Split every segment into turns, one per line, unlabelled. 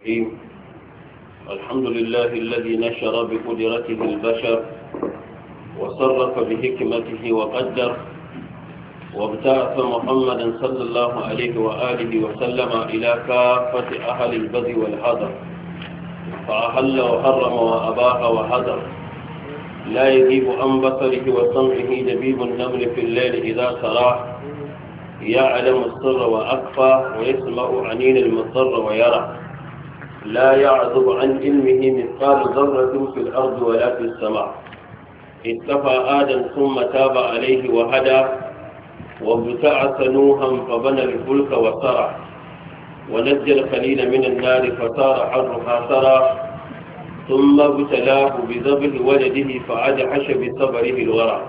الرحيم الحمد لله الذي نشر بقدرته البشر وصرف بحكمته وقدر وابتعث محمدا صلى الله عليه وآله وسلم إلى كافة أهل البذ والحضر فأهل وحرم وأباح وحضر لا يغيب عن بصره وسمعه دبيب النمل في الليل إذا سراح يعلم السر وأخفى ويسمع عنين المضر ويرى لا يعذب عن علمه مثقال ذرة في الأرض ولا في السماء اتفى آدم ثم تاب عليه وهدى وابتعث نوها فبنى الفلك وسرع ونجى الخليل من النار فصار حرها سرى ثم ابتلاه بذبل ولده فأدعش بصبره الورع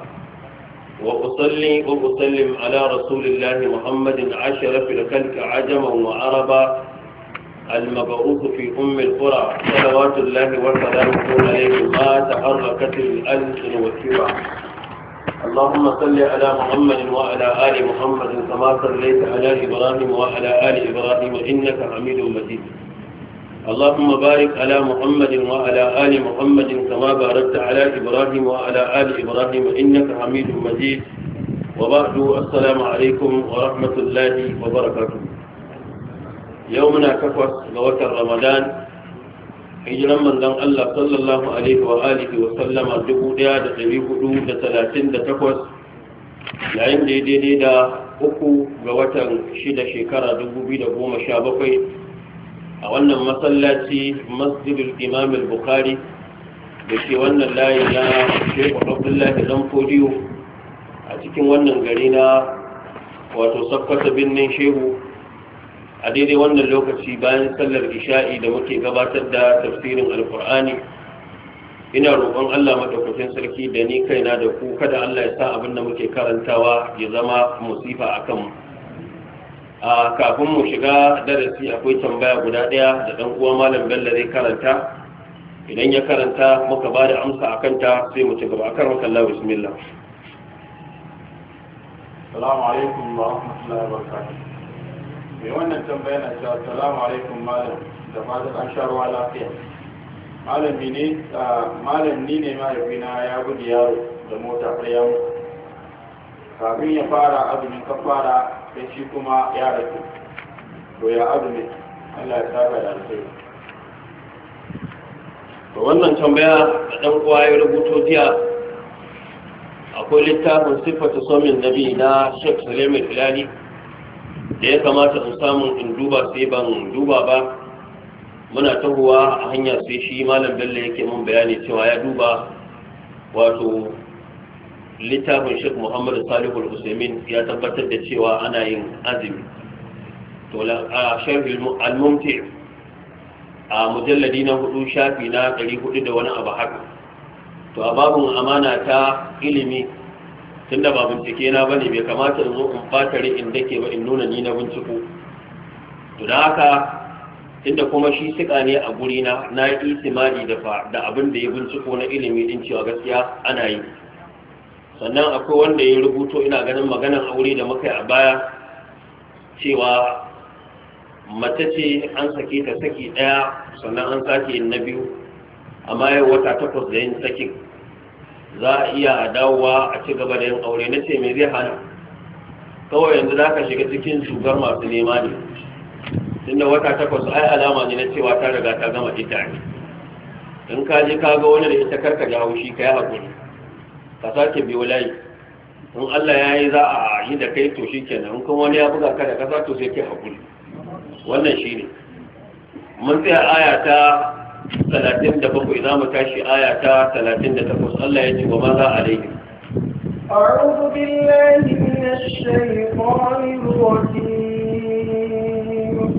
وأصلي وأسلم على رسول الله محمد عشر في الخلق عجما وعربا المبعوث في أم القرى صلوات الله وسلامه عليه ما تحركت الألسن والشبع اللهم صل على محمد وعلى آل محمد كما صليت على إبراهيم وعلى آل إبراهيم إنك حميد مجيد اللهم بارك على محمد وعلى آل محمد كما باركت على إبراهيم وعلى آل إبراهيم إنك حميد مجيد وبعد السلام عليكم ورحمة الله وبركاته yau muna takwas ga watan ramadan hijiran manzon Allah sallallahu alaihi wa alihi wa sallama 1438 yayin da daidai da uku ga watan shida shekara 2017 a wannan masallaci masjidul imam al-bukhari da ke wannan layi na shekwa abdullahi dan fodiyo a cikin wannan gari na wato sakwata birnin shehu a daidai wannan lokaci bayan sallar isha'i da muke gabatar da tafsirin alkur'ani ina roƙon Allah madaukakin sarki da ni kaina da ku kada Allah ya sa abin da muke karantawa ya zama musifa akan mu a kafin mu shiga darasi akwai tambaya guda ɗaya da ɗan uwa malam Bello zai karanta idan ya karanta muka ba da amsa a kanta, sai mu ci gaba akan maka Allah bismillah salamu alaikum wa rahmatullahi wa barakatuh mai wannan tambaya na cewa salamu alaikum malam da fatan an sha ruwa lafiya malami ne malam ni ne mahaifina ya gudu yaro da mota har ya kafin ya fara azumin kafara sai shi kuma ya rasu to ya azumin Allah ya saba da alkhairi to wannan tambaya da dan uwa ya rubuto jiya akwai littafin sifatu somin nabi na Sheikh Sulaiman Filani da ya kamata in samu in duba sai ban duba ba muna tahowa a hanya sai shi malam bello yake mun bayani cewa ya duba wato littafin sheikh muhammadu salihu al-husaymin ya tabbatar da cewa ana yin azumi to a sharhi al-mumti a mujalladi na hudu shafi na 400 da wani abu haka to a babun amana ta ilimi tunda ba bincike na bane bai kamata in zo in fata ri in dake ba in nuna ni na binciko to da haka tunda kuma shi sika ne a guri na na yi da fa da abin da ya binciko na ilimi din cewa gaskiya ana yi sannan akwai wanda ya rubuto ina ganin maganar aure da muka yi a baya cewa mace ce an sake ta saki ɗaya sannan an sake na biyu amma yau wata takwas da yin sakin za a iya a dawowa a ci gaba da yin aure na ce mai zai hana kawai yanzu za ka shiga cikin shugar masu nema ne tunda wata takwas ai alama ne na cewa ta riga ta gama ita ne in ka je ka ga wani da ita karka ji haushi ka yi haƙuri ka sake biyo layi in Allah ya yi za a yi da kai to shikenan in kuma wani ya buga ka da kasa to sai ke haƙuri wannan shine mun tsaya aya ta ثلاثين دفق إذا متاشي آية ثلاثين دفق الله يجب وماذا عليه أعوذ بالله من الشيطان الرجيم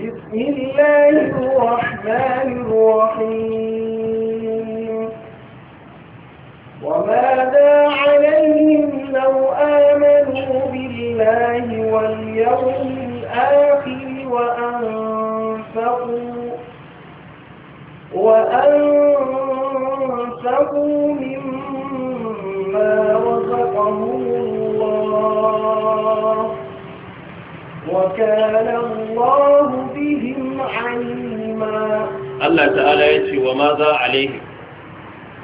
بسم الله الرحمن الرحيم وماذا عليهم لو آمنوا بالله واليوم الآخر وأنفقوا
وأنفقوا مما رزقهم الله
وكان الله بهم عليما الله تعالى يتي وماذا عليهم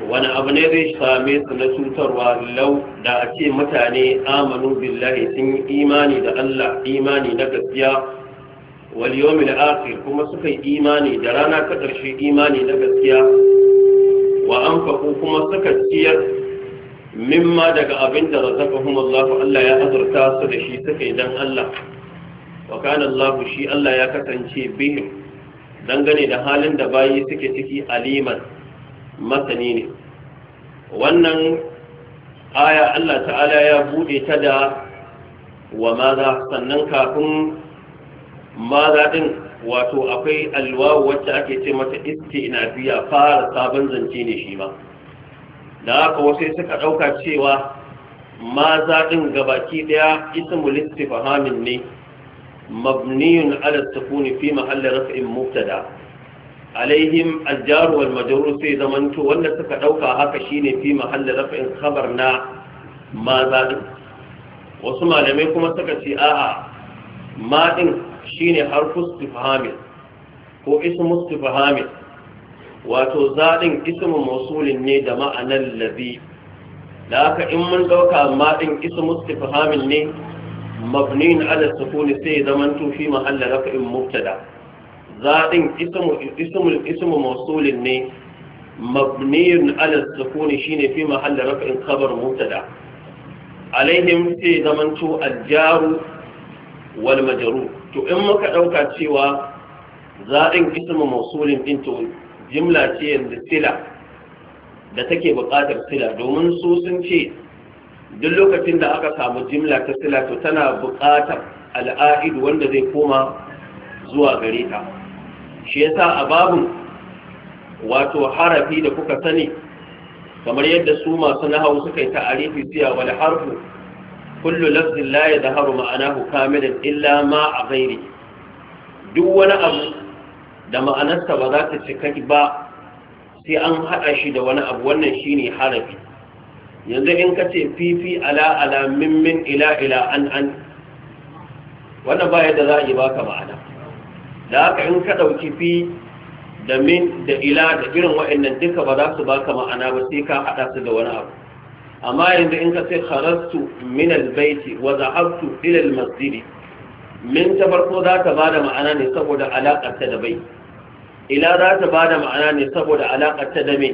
wani abu ne zai same su na cutarwa lau da a ce mutane amanu billahi sun yi imani da Allah imani na gaskiya wal da akhir kuma suka yi imani da rana ta ƙarshe imani na gaskiya wa anfaqu kuma suka ciyar mimma daga abin da razaqahum Allah Allah ya azurta su da shi suka yi Allah wa Allah shi Allah ya kasance bihim dangane da halin da bayi suke ciki aliman masani ne wannan aya Allah ta'ala ya bude ta da wa maza sannan kafin maza wato akwai alwawu wacce ake ce mata istinafiya fara sabon zance ne shi ma da haka wasu suka ɗauka cewa maza din gabaki daya ismul istifhamin ne mabniyun ala sukuni fi mahalli raf'in mubtada alaihim aljar wal sai zamanto wanda suka ɗauka haka shine fi mahalli raf'in khabar na maza wasu malamai kuma suka ce a'a ma shine harfu istifhami ko ismu istifhami wato zaɗin ismu mausulin ne da ma'anar ladhi da aka in mun ɗauka ma din ismu istifhamin ne mabnin ala sukuni sai zaman to fi mahalla raf'in mubtada zadin ismu ismu ismu mausulin ne mabnin ala sukuni shine fi mahalla in khabar mubtada alaihim sai zaman to aljaru wal majaru, to in muka dauka cewa za'in ismu mausulin din to jimla ce yanzu sila da take buƙatar sila domin su sun ce duk lokacin da aka samu jimla ta sila to tana buƙatar al'a'id wanda zai koma zuwa gare ta shi yasa a babun wato harafi da kuka sani kamar yadda su masu nahawu suka yi ta'arifi siya wal harfu kullu lafzin la yadhharu ma'anahu kamilan illa ma a ghairi duk wani abu da ma'anarsa ba za ta cika ba sai an haɗa shi da wani abu wannan shi ne harafi yanzu in ka ce fifi ala ala mimmin ila ila an an wannan ba yadda za a yi baka ma'ana da haka in ka ɗauki fi da min da ila da irin wa'annan duka ba za su baka ma'ana ba sai ka haɗa su da wani abu amma yanzu in ka sai kharastu min albayti wa zahabtu ila almasjid min ta farko za ta bada ma'ana ne saboda alaƙar ta da bai ila za ta bada ma'ana ne saboda alaƙar ta da me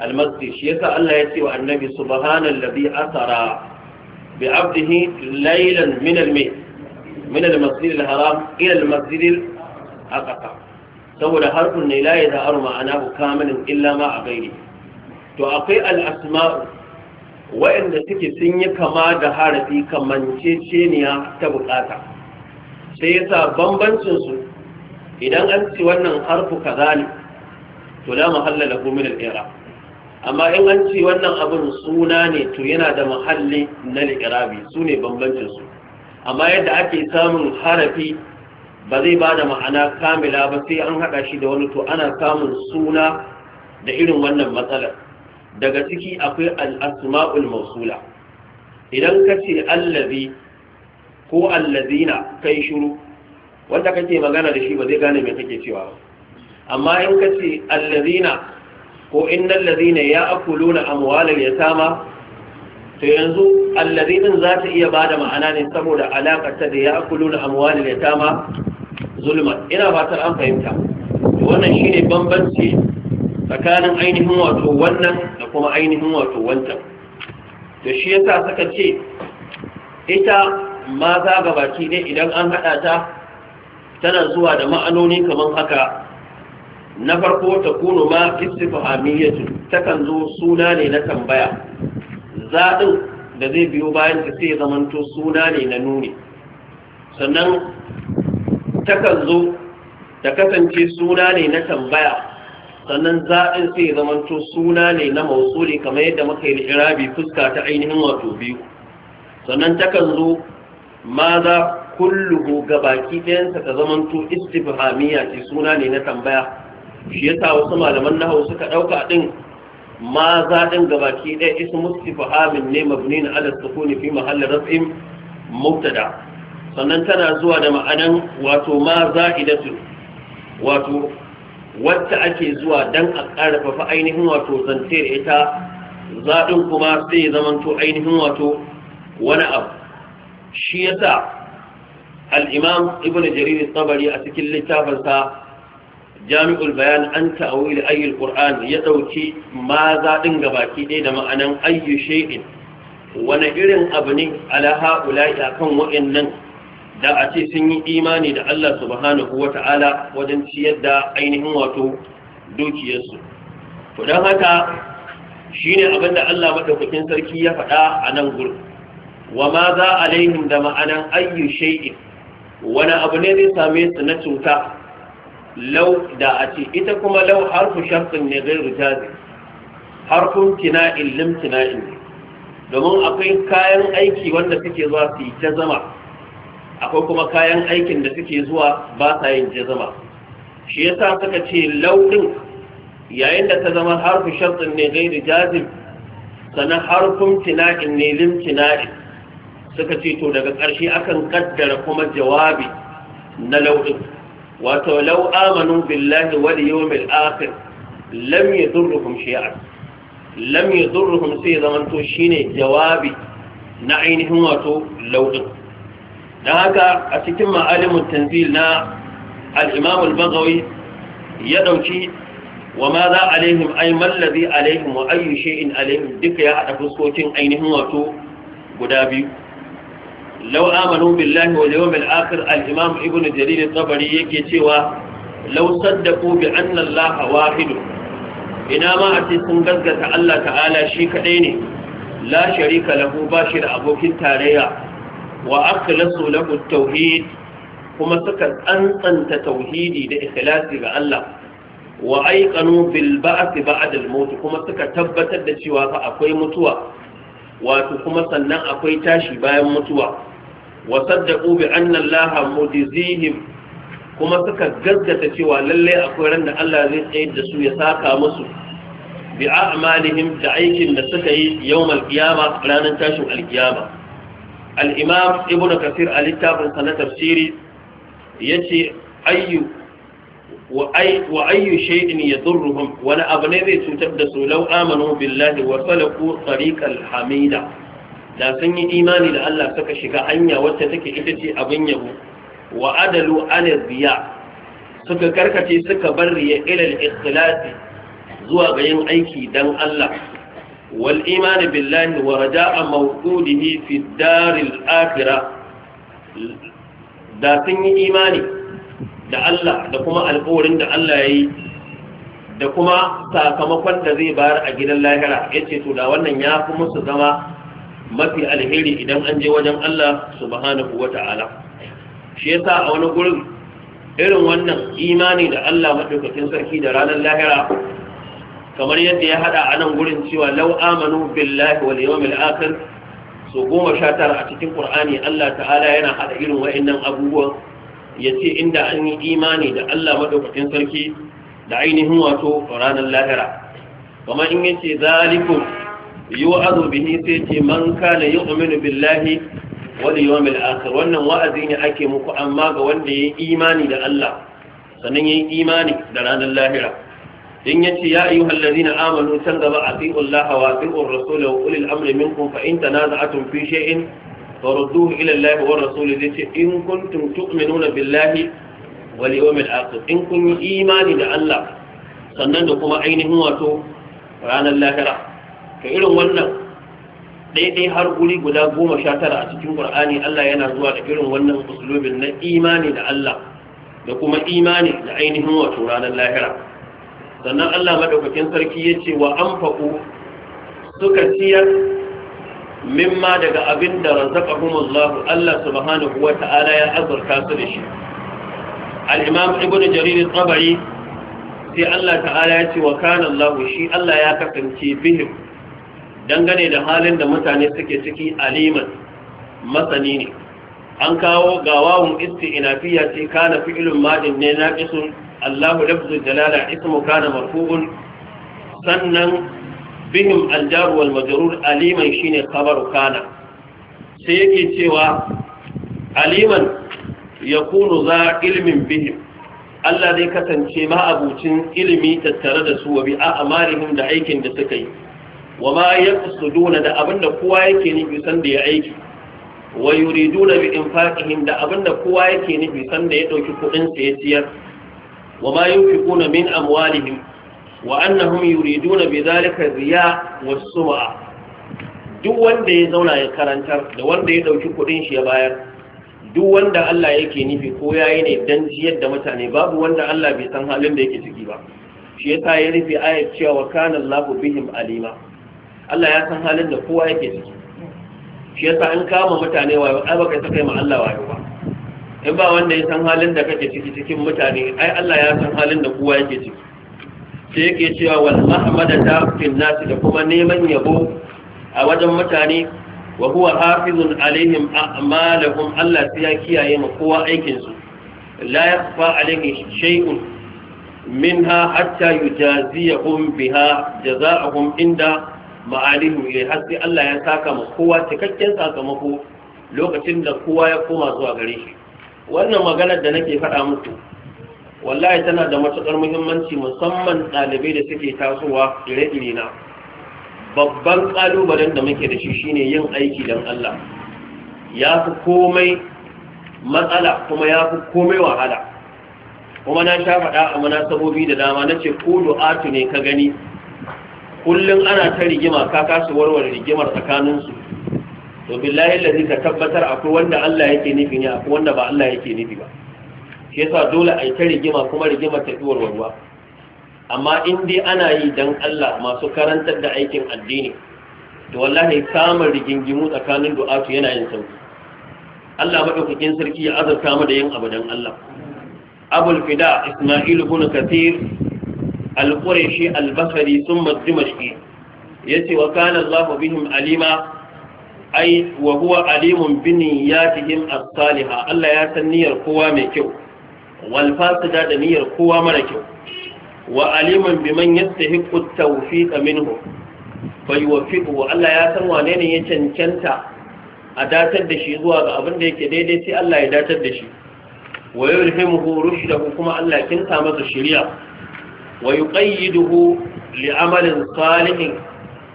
almasjid shi yasa Allah ya ce wa annabi subhanallazi asara bi abdihi laylan min almi min almasjid alharam ila almasjid alaqsa saboda harfin ne la yadharu ma'anahu kamilan illa ma a gairi to akwai al-asma'u wa'anda suke sun yi kama da harafi kamanceceniya ta bukata sai yasa bambancinsu idan an ci wannan harfu kaza ne to la mahalla lahu min al-i'rab amma in an ci wannan abin suna ne to yana da mahalli na al su ne bambancinsu, amma yadda ake samun harafi ba zai ba da ma'ana kamila ba sai an haɗa shi da wani to ana samun suna da irin wannan matsalar daga ciki akwai Asma'ul mausula idan ka ce allazi ko allazina kai shuru wanda kake magana da shi ba zai gane mai kake cewa amma in ka ce allazina ko innal ladina ya'kuluna amwalal yatama to yanzu allazinin za ta iya bada ma'ana ne saboda alaƙar ta da ya'kuluna amwalal yatama Zulma, ina fatar an fahimta wannan shine bambanci tsakanin ainihin wato wannan da kuma ainihin wato wancan da shi yasa suka ce ita ga baki ne idan an haɗa ta tana zuwa da ma'anoni kamar haka na farko ta kunu ma istifhamiyatu kan zo suna ne na tambaya zaɗin da zai biyo bayan ta sai zamanto suna ne na nuni sannan kan zo ta kasance suna ne na tambaya sannan za'in sai ya zamanto suna ne na mausuli kamar yadda muka yi irabi fuska ta ainihin wato biyu sannan takan zo ma za kulluhu ga baki ɗayansa ta zamanto istifhamiya ce suna ne na tambaya shi yasa wasu malaman nahawu suka ɗauka ɗin ma za ɗin ga baki ɗaya ismu istifhamin ne mabni na ala sukuni fi mahalli raf'in mubtada sannan tana zuwa da ma'anan wato ma za'idatu wato wacce ake zuwa dan a ƙarfafa ainihin wato zantiyar ita zaɗin kuma sai ya zamanto ainihin wato wani abu shi yasa al-imam ibn jarir tsabari a cikin littafinsa jami'ul bayan an ta'awil ayyul qur'an ya dauki ma zaɗin gabaki ɗaya da ma'anan ayyu shay'in wani irin abu ne ala ha'ula'i akan wa'annan da a ce sun yi imani da Allah subhanahu wa ta'ala wajen ciyar da ainihin wato dukiyarsu to don haka shine abin da Allah madaukakin sarki ya faɗa a nan gurin wa ma za alaihim da ma'anan ayyu shay'in wani abu ne zai same su na cuta lau da a ce ita kuma lau harfu shafin ne gairu jazi harfun tina'in lim domin akwai kayan aiki wanda suke zuwa su yi ta zama akwai kuma kayan aikin da suke zuwa ba sa yin jazama shi yasa suka ce laudin yayin da ta zama harfin shartin ne gairi jazim sannan harfin tinaɗin ne lim tina'in suka ce to daga ƙarshe akan kaddara kuma jawabi na lauɗin wato lau amanu billahi wal yawmil akhir lam yadurruhum shay'an lam yadurruhum sai zamanto shine jawabi na ainihin wato laudin. da haka a cikin ma'alimin tanzil na al'imam al ya ɗauki wa ma za alaihim ai a alaihim wa ayyu shay'in alaihim duka ya haɗa fuskokin ainihin wato guda biyu law amanu billahi wal yawmil akhir al ibn jarir tabari yake cewa law saddaqu bi anna allaha ina ma a sun gaskata Allah ta'ala shi kadai ne la sharika lahu ba shi da abokin tarayya wa akhlasu lahu tauhid kuma suka tsantsanta tauhidi da ikhlasi ga Allah wa aiqanu bil ba'th ba'da al maut kuma suka tabbatar da cewa fa akwai mutuwa wato kuma sannan akwai tashi bayan mutuwa wa saddaqu bi anna Allah mujzihim kuma suka gaskata cewa lalle akwai ran da Allah zai tsayar da su ya saka musu bi a'malihim da aikin da suka yi yawmal qiyama ranar tashin alkiyama al-imam ibnu kasir a littafin na tafsiri yace ayyu wa ayyu shay'in yadurruhum wani abu ne zai cutar da su law amanu billahi wa salaku tariqal hamida da sun yi imani da Allah suka shiga hanya wacce take ita ce abin yabo wa adalu ala suka karkace suka bar riya ilal al-ikhlasi zuwa ga yin aiki dan Allah والإيمان بالله ورجاء موجوده في الدار الآخرة da sun yi imani da Allah da kuma alƙawarin da Allah ya yi da kuma sakamakon da zai bayar a gidan lahira ya ce to da wannan ya fi musu zama mafi alheri idan an je wajen Allah subhanahu wa ta'ala shi yasa a wani gurin irin wannan imani da Allah maɗaukakin sarki da ranar lahira kamar yadda ya hada a nan gurin cewa law amanu billahi wal yawmil akhir so goma sha tara a cikin qur'ani Allah ta'ala yana hada irin wa'annan abubuwan yace inda an yi imani da Allah madaukakin sarki da ainihin wato ranar lahira kamar in yace zalikum yu'adhu bihi sai ce man kana yu'minu billahi wal yawmil akhir wannan wa'azi ne ake muku amma ga wanda yayi imani da Allah sannan yi imani da ranar lahira in yace ya ayyuhal ladina amanu tan gaba atiu Allah wa atiu ar-rasul wa ulil amri minkum fa in tanaza'tum fi shay'in farudduhu ila Allah wa ar-rasul yace in kuntum tu'minuna billahi wal yawmil akhir in kun yi imani da Allah sannan da kuma ainihin wato ranar lahira Ka irin wannan daidai har guri guda goma sha tara a cikin ƙur'ani Allah yana zuwa da irin wannan usulubin na imani da Allah da kuma imani da ainihin wato ranar lahira sannan Allah madaukakin sarki ya ce wa anfaqu suka ciyar mimma daga abin da razaqahumullah Allah subhanahu Ta'ala ya azurta su da shi al ibn jarir tabari sai Allah ta'ala ya ce wa kana Allah shi Allah ya kasance bihim dangane da halin da mutane suke ciki aliman masani ne an kawo ga wawun isti'nafiya ce kana fi'lun majin ne naqisun Allahu lafzu jalala ismu kana marfu'un sannan bihim aljar wal majrur aliman shine khabaru kana sai yake cewa aliman yakunu za ilmin bihim Allah zai kasance ma'abucin ilimi tattare da su wa bi a'amarihim da aikin da suka yi wa ma yaqsuduna da abinda kowa yake nufi san da ya aiki wa yuriduna bi infaqihim da abinda kowa yake nufi sanda ya dauki kudin sa ya ciyar wa ma yunfiquna min amwalihim wa annahum yuriduna bi zalika riya wa sum'a duk wanda ya zauna ya karantar da wanda ya dauki kudin shi ya bayar duk wanda Allah yake nufi ko yayi ne dan jiyar da mutane babu wanda Allah bai san halin da yake ciki ba shi yasa ya rufe ayat cewa kana Allahu bihim alima Allah ya san halin da kowa yake ciki shi yasa an kama mutane wayo ai baka saka ma Allah wayo ba in ba wanda ya san halin da kake ciki cikin mutane ai Allah ya san halin da kowa yake ciki sai yake cewa wal ta fil nas da kuma neman yabo a wajen mutane wa huwa hafizun alaihim a'malahum Allah sai ya kiyaye ma kowa aikin su la yakhfa alayhi shay'un minha hatta yujaziyahum biha jazaa'ahum inda ma'alihu ya har sai Allah ya saka ma kowa cikakken sakamako lokacin da kowa ya koma zuwa gare shi wannan maganar da nake faɗa muku wallahi tana da matuƙar muhimmanci musamman ɗalibai da suke tasowa ire-ire na babban ƙalubalen da muke da shi shine yin aiki don Allah ya fi komai matsala kuma ya fi komai wahala kuma na sha faɗa a munasabobi da dama na ce ko du'atu ne ka gani kullum ana ta rigima ka kasu warware rigimar tsakaninsu to billahi lazi ka tabbatar akwai wanda Allah yake nufi ne akwai wanda ba Allah yake nufi ba shi yasa dole a yi ta rigima kuma rigimar ta fiwar warwa amma in dai ana yi dan Allah masu karantar da aikin addini to wallahi samun rigingimu tsakanin du'atu yana yin sauki Allah maɗaukakin sarki ya azurta mu da yin abu dan Allah Abul Fida Isma'il ibn Kathir al-qurashi al sun thumma dimashqi yace wa kana Allahu bihim alima ai wa huwa alimun bi niyyatihim as-saliha Allah ya san niyyar kowa mai kyau wal da niyyar kowa mara kyau wa alimun biman yastahiqu at-tawfiq minhu fayuwaffiqu Allah ya san wane ne ya cancanta a datar da shi zuwa ga abin da yake daidai sai Allah ya datar da shi wa yurhimuhu da kuma Allah kinta masa shirya? wa yuqayyiduhu li amalin salihin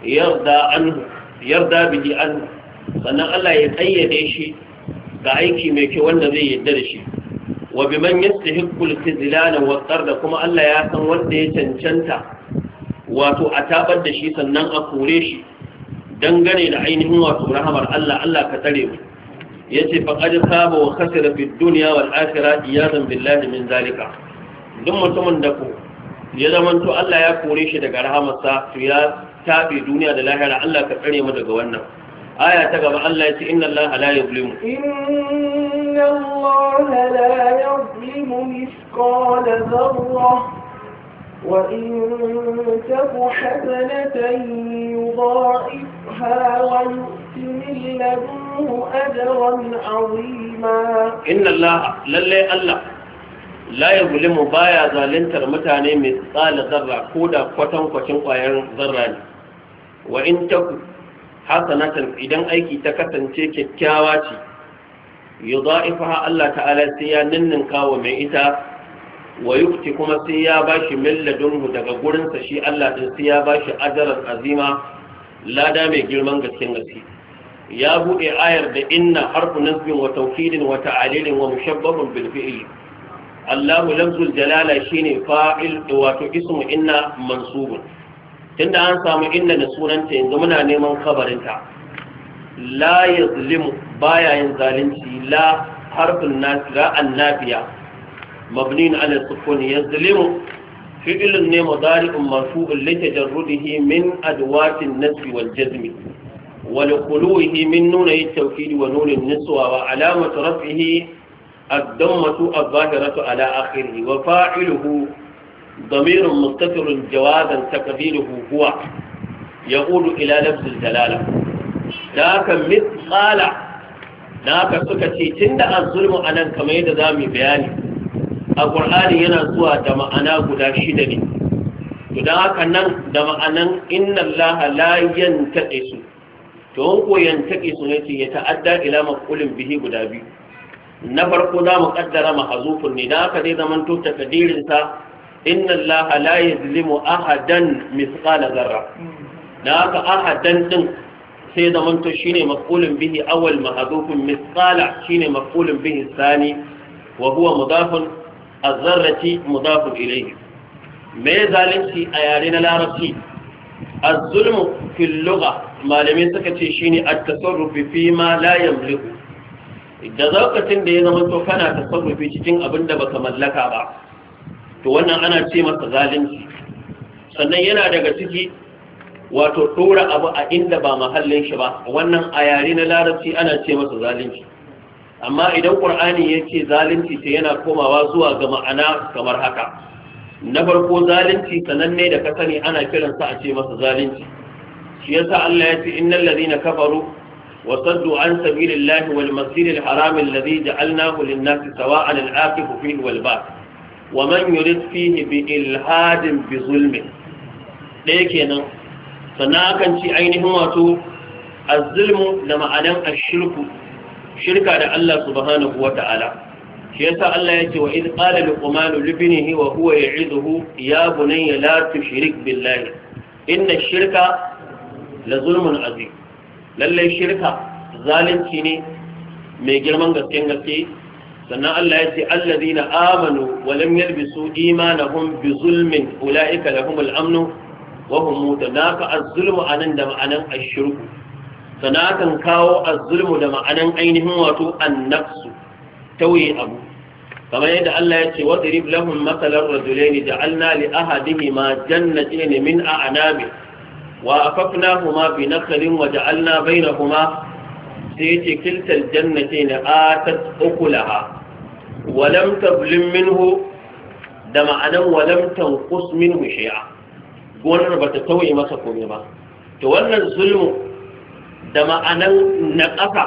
yarda anhu yarda bihi anhu sannan Allah ya tsayyade shi ga aiki mai kyau wanda zai yarda da shi wa biman yastahiqqu al-tizlana wa da kuma Allah ya san wanda ya cancanta wato a tabar da shi sannan a kore shi dangane da ainihin wato rahmar Allah Allah ka tare mu yace faqad saba wa khasira fid dunya wal akhirah iyadan billahi min zalika duk mutumin da ku ya zamanto Allah ya kore shi daga rahamarsa to ya tabe duniya da lahira Allah ka tsare mu daga wannan aya ta gaba Allah ya ce inna Allah la yuzlimu inna Allah la yuzlimu mithqala dharrah وإن تك حسنة يضاعفها ويؤت من لدنه أجرا عظيما Inna الله للي الله la ya gulimu baya zalintar mutane mai tsala zarra ko da kwatankwacin kwayar zarra ne wa in ta hasanatan idan aiki ta kasance kyakkyawa ce yudha'ifaha Allah ta'ala sai ya ninnin kawo mai ita wa yukti kuma sai ya ba bashi milladunhu daga gurinsa shi Allah ɗin sai ya ba shi ajarar azima lada mai girman gaskin gaske ya buɗe ayar da inna harfu nasbin wa tawkidin wa ta'alilin wa mushabbahun bil fi'li Allahu lafzul jalala shine fa'il wato ismu inna mansubun tunda an samu inna da sunanta yanzu muna neman kabarinta la yazlimu baya yin zalunci la harfin nasira annabiya mabnin ala sukun yazlimu fi'ilun ne mudari'un marfu'un li tajarrudihi min adwatin nasbi wal jazmi wa liquluhi min nunay tawkid wa nunin niswa wa alamatu raf'ihi addammatu azzahiratu ala akhirhi wa fa'iluhu damirun mustatirun jawadan takdiruhu huwa yaqulu ila lafz al-dalala da ka mithqala da ka suka ce tunda az-zulmu anan kamar yadda zamu bayani alqur'ani yana zuwa da ma'ana guda shida ne to dan haka nan da ma'anan inna allaha la yantaqisu to ko yantaqisu ne ce ya ta'adda ila maqulin bihi guda biyu na farko za mu kaddara mahazufun ne da aka zai zaman to takadirin sa inna Allah la yuzlimu ahadan mithqala zarra da aka ahadan din sai zaman to shine maf'ulun bihi awwal mahazufun mithqala shine maf'ulun bihi thani wa huwa mudafun az-zarrati mudafun ilayhi me zalunci a yare na larabci az-zulmu fil lugha malamai suka ce shine at-tasarrufi fi ma la yamliku da zaukacin da ya zama to kana tasarrufi cikin abin da baka mallaka ba to wannan ana ce masa zalunci sannan yana daga ciki wato dora abu a inda ba mahallin shi ba wannan a yare na larabci ana ce masa zalunci amma idan qur'ani yake zalunci sai yana komawa zuwa ga ma'ana kamar haka na farko zalunci sananne da ka sani ana kiransa a ce masa zalunci shi yasa Allah ya ce innal ladina kafaru وصدوا عن سبيل الله والمسجد الحرام الذي جعلناه للناس سواء العاكف فيه والباق ومن يرد فيه بإلهاد بظلم لكن سناكن في عينهم واتو الظلم لما ألم الشرك شركة على الله سبحانه وتعالى شيسا الله يتي وإذ قال لقمان لابنه وهو يعظه يا بني لا تشرك بالله إن الشرك لظلم عظيم lallai shirka zalunci ne mai girman gasken gaske sannan Allah ya ce allazina amanu wa lam yalbisu imanahum bi zulmin ulaika lahumul amnu wa hum mutanaka az-zulmu anan da ma'anan a shirku sanakan kawo a zulmu da ma'anan ainihin wato an-nafsu tauye abu kamar yadda Allah ya ce wadrib lahum mathalan rajulaini ja'alna li ahadihima jannatayn min a'nabi وأففناهما بنخل وجعلنا بينهما سيتي كلتا الجنتين آتت أكلها ولم تظلم منه دم أنا ولم تنقص منه شيئا gonar ba ta tauye masa komai ba to wannan zulmu da ma'anan na ƙasa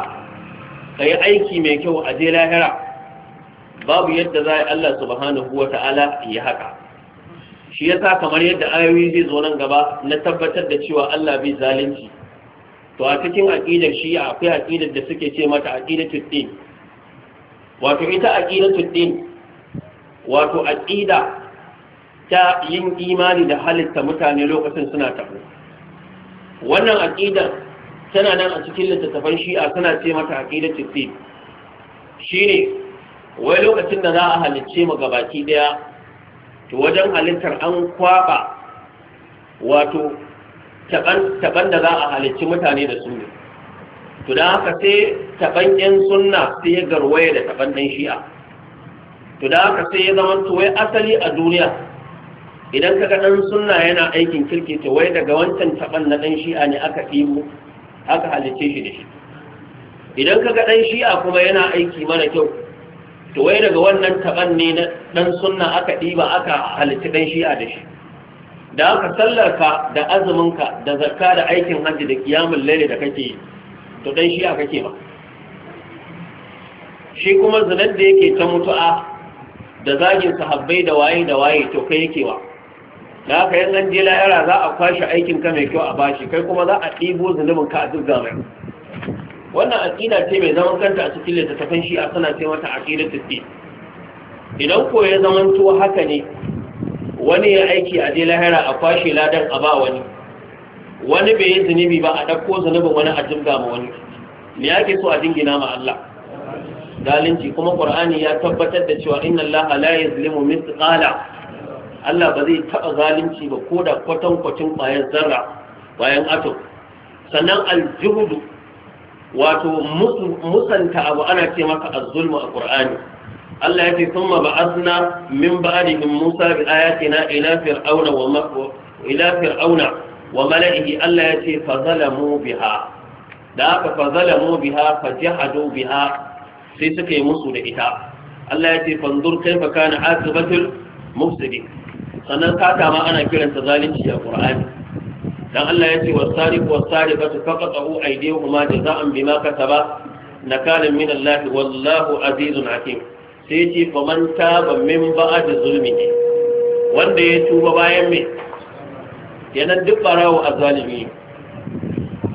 ka yi aiki mai kyau a je lahira babu yadda za a yi Allah subhanahu wa ta'ala ya haka shi ya sa kamar yadda ayoyi zai zo nan gaba na tabbatar da cewa Allah bai zalunci to a cikin aqidar shi akwai aqidar da suke ce mata aqidatul din wato ita aqidatul din wato aqida ta yin imani da halitta mutane lokacin suna tafi wannan aqida tana nan a cikin littattafan shi'a suna ce mata aqidatul din shine wai lokacin da za a halicce mu gabaki daya to wajen halittar an kwaba wato taban da za a halicci mutane da su ne to don haka sai taban yan sunna sai ya garwaye da taban ɗan shi'a to don haka sai ya zama tuwai asali a duniya idan ka ga ɗan sunna yana aikin kirki tuwai daga wancan taban na ɗan shi'a ne aka ɗibo aka halicce shi da shi idan ka ga ɗan shi'a kuma yana aiki mara kyau to wai daga wannan taban ne na dan sunna aka diba aka halitta dan shi'a da shi da aka ka da azuminka da zakka da aikin hajji da kiyamul laili da kake to dan shi'a kake ba shi kuma zinar da yake ta mutu'a da zagin sahabbai da waye da waye to kai yake wa da aka yan an yara za a kwashe aikin ka mai kyau a bashi kai kuma za a ɗibo zunubin ka a duk zamani wannan aƙida ce mai zaman kanta a cikin littattafan shi a sana ce mata aƙidar tafi idan ko ya zamanto haka ne wani ya aiki a je lahira a kwashe ladan a ba wani wani bai yi zunubi ba a ɗauko zunubin wani a jirga ma wani me yake so a jingina ma Allah zalunci kuma qur'ani ya tabbatar da cewa inna allaha la yuzlimu mithqala Allah ba zai taba zalunci ba ko da kwatan kwatin bayan zarra bayan ato sannan aljuhudu wato musanta abu ana ce maka az-zulmu a Qur'ani Allah ya ce thumma ba'athna min ba'dihim Musa bi ayatina ila fir'auna wa ila fir'auna wa mala'ihi Allah ya ce fa zalamu biha da aka fa zalamu biha fa jahadu biha sai suka yi musu da ita Allah ya ce fanzur kaifa kana aqibatul mufsidin sannan kaka ma ana kiranta zalunci a Qur'ani dan Allah ya ce wasariqu wasariqatu faqatu aydihuma jaza'an bima kasaba nakalan min Allah wallahu azizun hakim sai yace faman taba min ba'd zulmi wanda ya tuba bayan me kenan duk barawo azalimi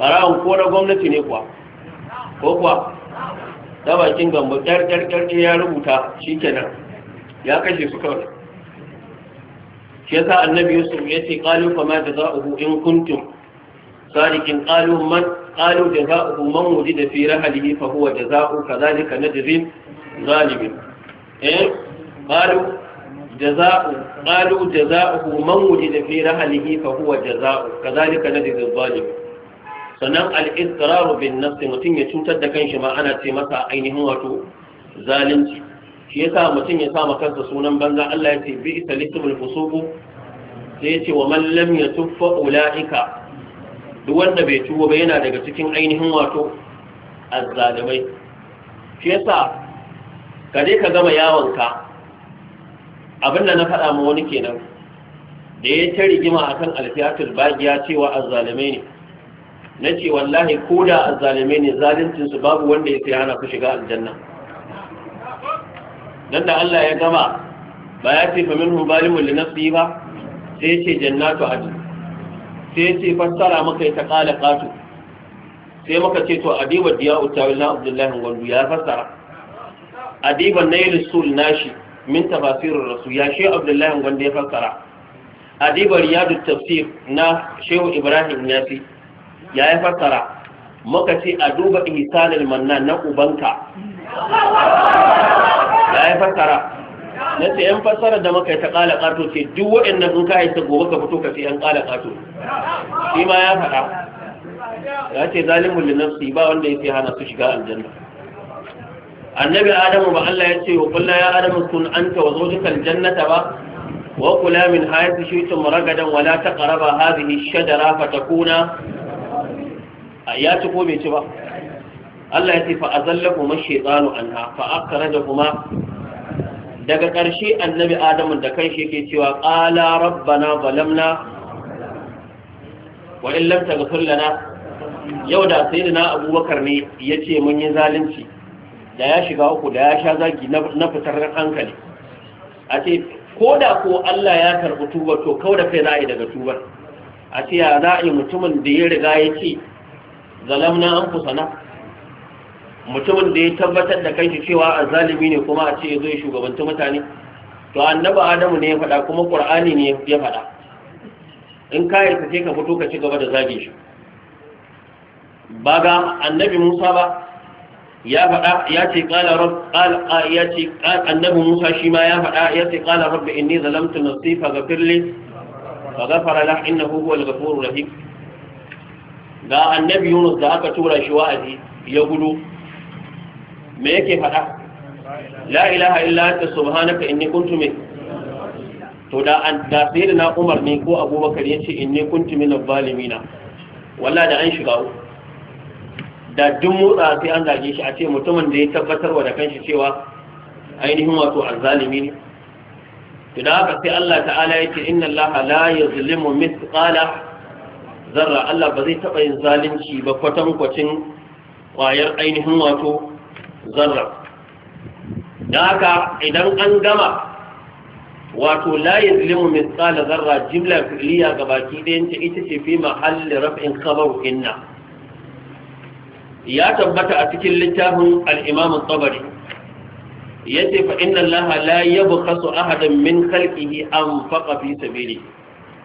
barawon ko na gwamnati ne kuwa ko kuwa da bakin gambo dar, dar kyar ya rubuta shikenan ya kashe su kawai shi yasa annabi yusuf ya ce qalu fa ma in kuntum sadiqin qalu man qalu jazaohu man wujida fi rahlihi fa huwa jazaohu kadhalika najzi zalimin eh qalu jazaa'u qalu jazaa'uhu man wujida fi rahlihi fa huwa kadhalika najzi zalimin sannan al-israr bin nafs mutun ya cutar da kanshi ma ana ce masa ainihin wato zalunci shi yasa mutum ya sa kansa sunan banza Allah ya ce bi isa lismul fusuqu sai ya ce wa man lam tuffa ulaika duk wanda bai tuba ba yana daga cikin ainihin wato azzalimai shi yasa ka je ka gama yawonka. ka abin da na faɗa ma wani kenan da ya ta rigima akan alfiyatul bagiya cewa azzalimai ne na ce wallahi ko da azzalimai ne zalincin babu wanda ya fi hana ku shiga aljanna dan da Allah ya gama ba ya ce fa minhu zalimun li nafsihi ba sai ce jannatu adn sai ce fassara maka ita qala ƙatu. sai maka ce to adiba diya'u tawilla abdullahi wandu ya fassara na yi sul nashi min tafasirin rasu ya shi abdullahi wanda ya fassara adiba riyadu tafsir na shehu ibrahim yasi ya yi fassara maka ce a duba ihsanil manna na ubanka
da ya fassara
na ce yan fassara da maka ta kala kato ce duk waɗannan in ka ta gobe ka fito ka ce yan ƙala ƙato. shi ma ya faɗa
ya ce zalimun
linafsi ba wanda ya fi hana su shiga aljanna annabi adamu ba Allah ya ce wa kullu ya adamu kun anta wa zawjuka aljannata ba wa kula min hayati shaytum ragadan wala la taqraba hadhihi ash-shajara fatakuna ya ci ko bai ci ba Allah ya ce fa azallahuma shaytanu anha fa kuma daga ƙarshe annabi adamu da kanshi yake cewa qala rabbana zalamna wa in lam taghfir lana yau da sayyidina abubakar ne yace mun yi zalunci da ya shiga uku da ya sha zagi na fitar hankali a ce ko da ko Allah ya karɓi tubar to kawai da kai za a yi daga tubar a ce ya za a yi mutumin da ya riga ya ce zalamna an fusana mutumin da ya tabbatar da kai cewa azzalimi ne kuma a ce ya zo ya shugabanci mutane to annabi adamu ne ya faɗa kuma qur'ani ne ya faɗa in ka yi sai ka fito ka ci gaba da zage shi ba ga annabi musa ba ya faɗa ya ce qala rabb qala ya ce annabi musa shi ma ya faɗa ya ce qala rabb inni zalamtu nafsi faghfir li faghfara lahu innahu huwal ghafurur rahim ga annabi yunus da aka tura shi wa'azi ya gudu me yake faɗa la ilaha illa anta subhanaka inni kuntu min to da an da sai da na Umar ne ko Abubakar ya ce inni kuntu min zalimina wallahi da an shiga da duk motsa sai an zage shi a ce mutumin da ya tabbatar wa da kanshi cewa ainihin wato azzalimi ne to da haka sai Allah ta'ala ya ce inna Allah la yuzlimu mithqala zarra Allah ba zai taɓa yin zalunci ba kwatankwacin ƙwayar ainihin wato zarra don haka idan an gama wato Limu mai mithqala zarra jimla fi'liya gabaki ɗayanta ita ce fi mahalli raf'in kabar inna ya tabbata a cikin littafin al-imam tabari yace fa inna allaha la yabqasu ahadin min an faƙa fi sabili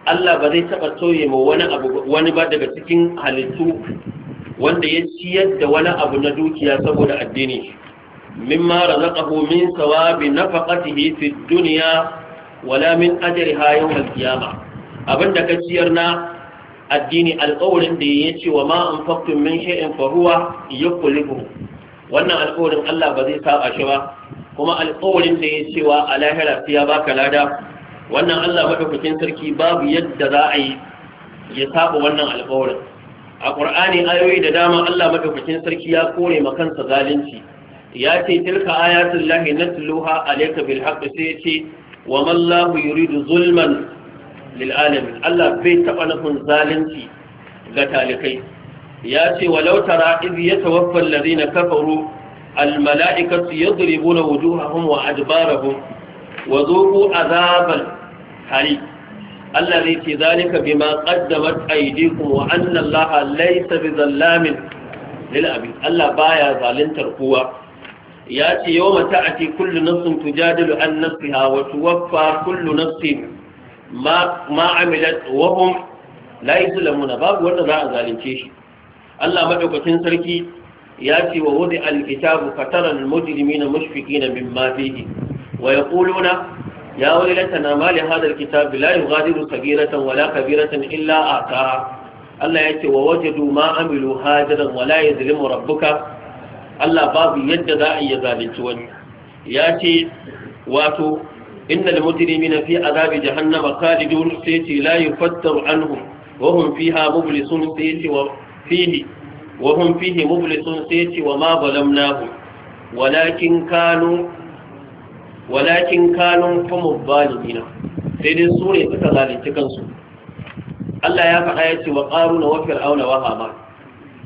Allah ba zai taɓa toye ma wani ba daga cikin halittu wanda ya ciyar da wani abu na dukiya saboda addini mimma razaqahu min sawabi nafaqatihi fi dunya wala min ajriha yawm al abinda ka ciyar na addini alƙawarin da ya ce wa ma anfaqtum min shay'in faruwa ya yukhlifu wannan alƙawarin Allah ba zai saba shi ba kuma alƙawarin da ya ce wa a lahira sai ya baka lada wannan Allah madaukakin sarki babu yadda za a yi ya saba wannan alƙawarin a ƙur'ani ayoyi da dama Allah madaukakin sarki ya kore ma kansa zalunci ya ce tilka ayatul lahi natluha alayka bil haqq sai ce wa man lahu yuridu zulman lil alamin Allah bai taba nufin zalunci ga talikai ya ce walau tara idh yatawaffa alladhina kafaru al mala'ikatu yadribuna wujuhahum wa adbarahum wa dhuqu adhabal hali. Allah zai ce zalika bima qaddamat aydikum wa anna Allah laysa bizallamin lil abid Allah baya zaluntar kowa ya ce yawma ta'ati kullu nafsin tujadilu an nafsiha wa tuwaffa kullu nafsin ma ma amilat wa hum la yuzlamuna babu wanda za a zalunce shi Allah madaukakin sarki ya ce wa wudi alkitabu fataral mujrimina na mimma fihi wa yaquluna ya wani na mali hadar kitab la yughadiru sagiratan wala kabiratan illa ata Allah ya ce wa wajadu ma amilu hadiran wala yadhlimu rabbuka Allah babu yadda za a zalunci wani ya ce wato innal mujrimina fi azabi jahannama khalidun sai ce la yufattaru anhum wa hum fiha mublisun sai ce wa fihi wa hum fihi mublisun sai walakin kanu walakin kanun kuma balina sai dai su ne suka zalunci kansu Allah ya faɗa ya ce wa ƙaruna wa fir'auna wa hama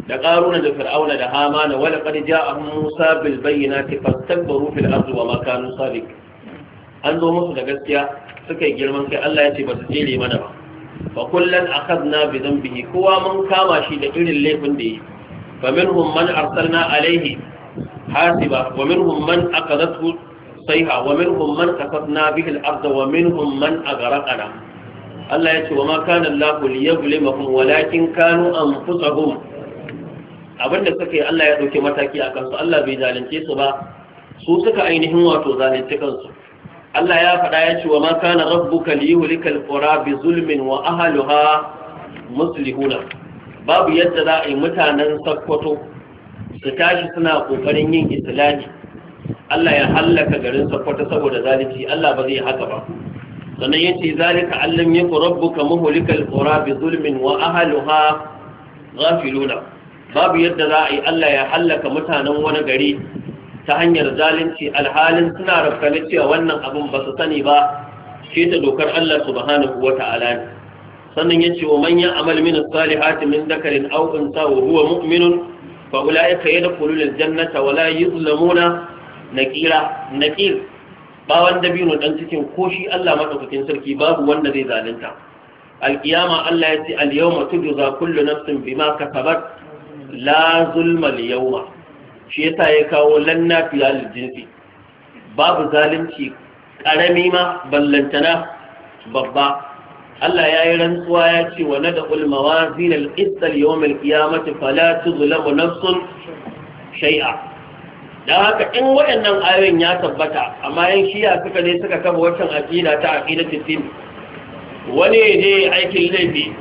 da ƙaruna da fir'auna da hama na wani ƙarja a Musa bil bayyinati fastakbaru fil ardi wa ma kanu an zo musu da gaskiya suka yi girman kai Allah ya ce ba su jere mana ba fa kullan akhadna bi dhanbihi kowa mun kama shi da irin laifin da yi fa minhum man arsalna alaihi hasiba wa minhum man aqadathu sayha wa minhum man kafafna bihi al-ardh wa minhum man aghraqna Allah ya ce wa ma kana Allahu liyazlimakum walakin kanu anfusahum abinda suka yi Allah ya dauke mataki a kansu Allah bai zalunce su ba su suka ainihin wato zalunce kansu Allah ya faɗa ya ce wa ma kana rabbuka liyuhlikal qura bi zulmin wa ahliha muslihuna babu yadda za a yi mutanen sakkwato su tashi suna kokarin yin islami Allah ya hallaka garin Sokoto saboda zalunci Allah ba zai haka ba sannan yace zalika allam yaku rabbuka muhlikal qura bi zulmin wa ahliha ghafiluna babu yadda za a yi Allah ya hallaka mutanen wani gari ta hanyar zalunci alhalin suna rafkani cewa wannan abin ba su sani ba ce ta dokar Allah subhanahu wa ta'ala ne sannan ya ce wa manyan amal min salihati min dakarin aw unsa wa huwa mu'minun fa ulaika yadkhuluna jannata, wa la yuzlamuna nakira nakir bawan dabino dan cikin ko shi Allah madaukakin sarki babu wanda zai zalunta Alƙiyama Allah ya ce al tujza kullu nafsin bima kasabat la zulma al shi yasa ya kawo lannafiya lil-jinsi babu zalunci karami ma ballantana babba Allah ya yi rantsuwa ya ce wa nada ulmawazin al-qist al-yawm al-qiyamati fala tuzlamu nafsun shay'a da haka in waɗannan ayoyin ya tabbata amma yan shiya suka ne suka kafa wancan aqida ta aƙida titin wani ne aikin laifi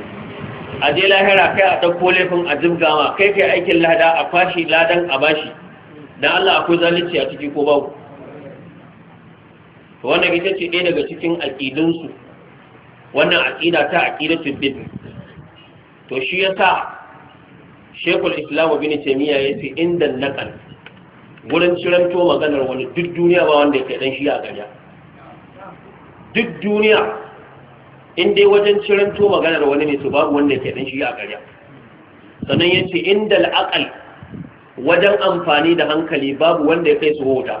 a je lahira kai a dauko laifin a kai kai aikin lada a fashi ladan a bashi dan Allah akwai zalunci a ciki ko babu wannan ita ce ɗaya daga cikin aƙidunsu wannan aqida ta aƙida tuddin to shi ya sa shekul islam bin taimiyya ya ce inda naƙal wurin ciranto maganar wani duk duniya ba wanda ke dan shi a gariya duk duniya in dai wajen ciranto maganar wani ne to babu wanda ke dan shi a gariya sannan ya ce inda al'akal wajen amfani da hankali babu wanda ya kai su hota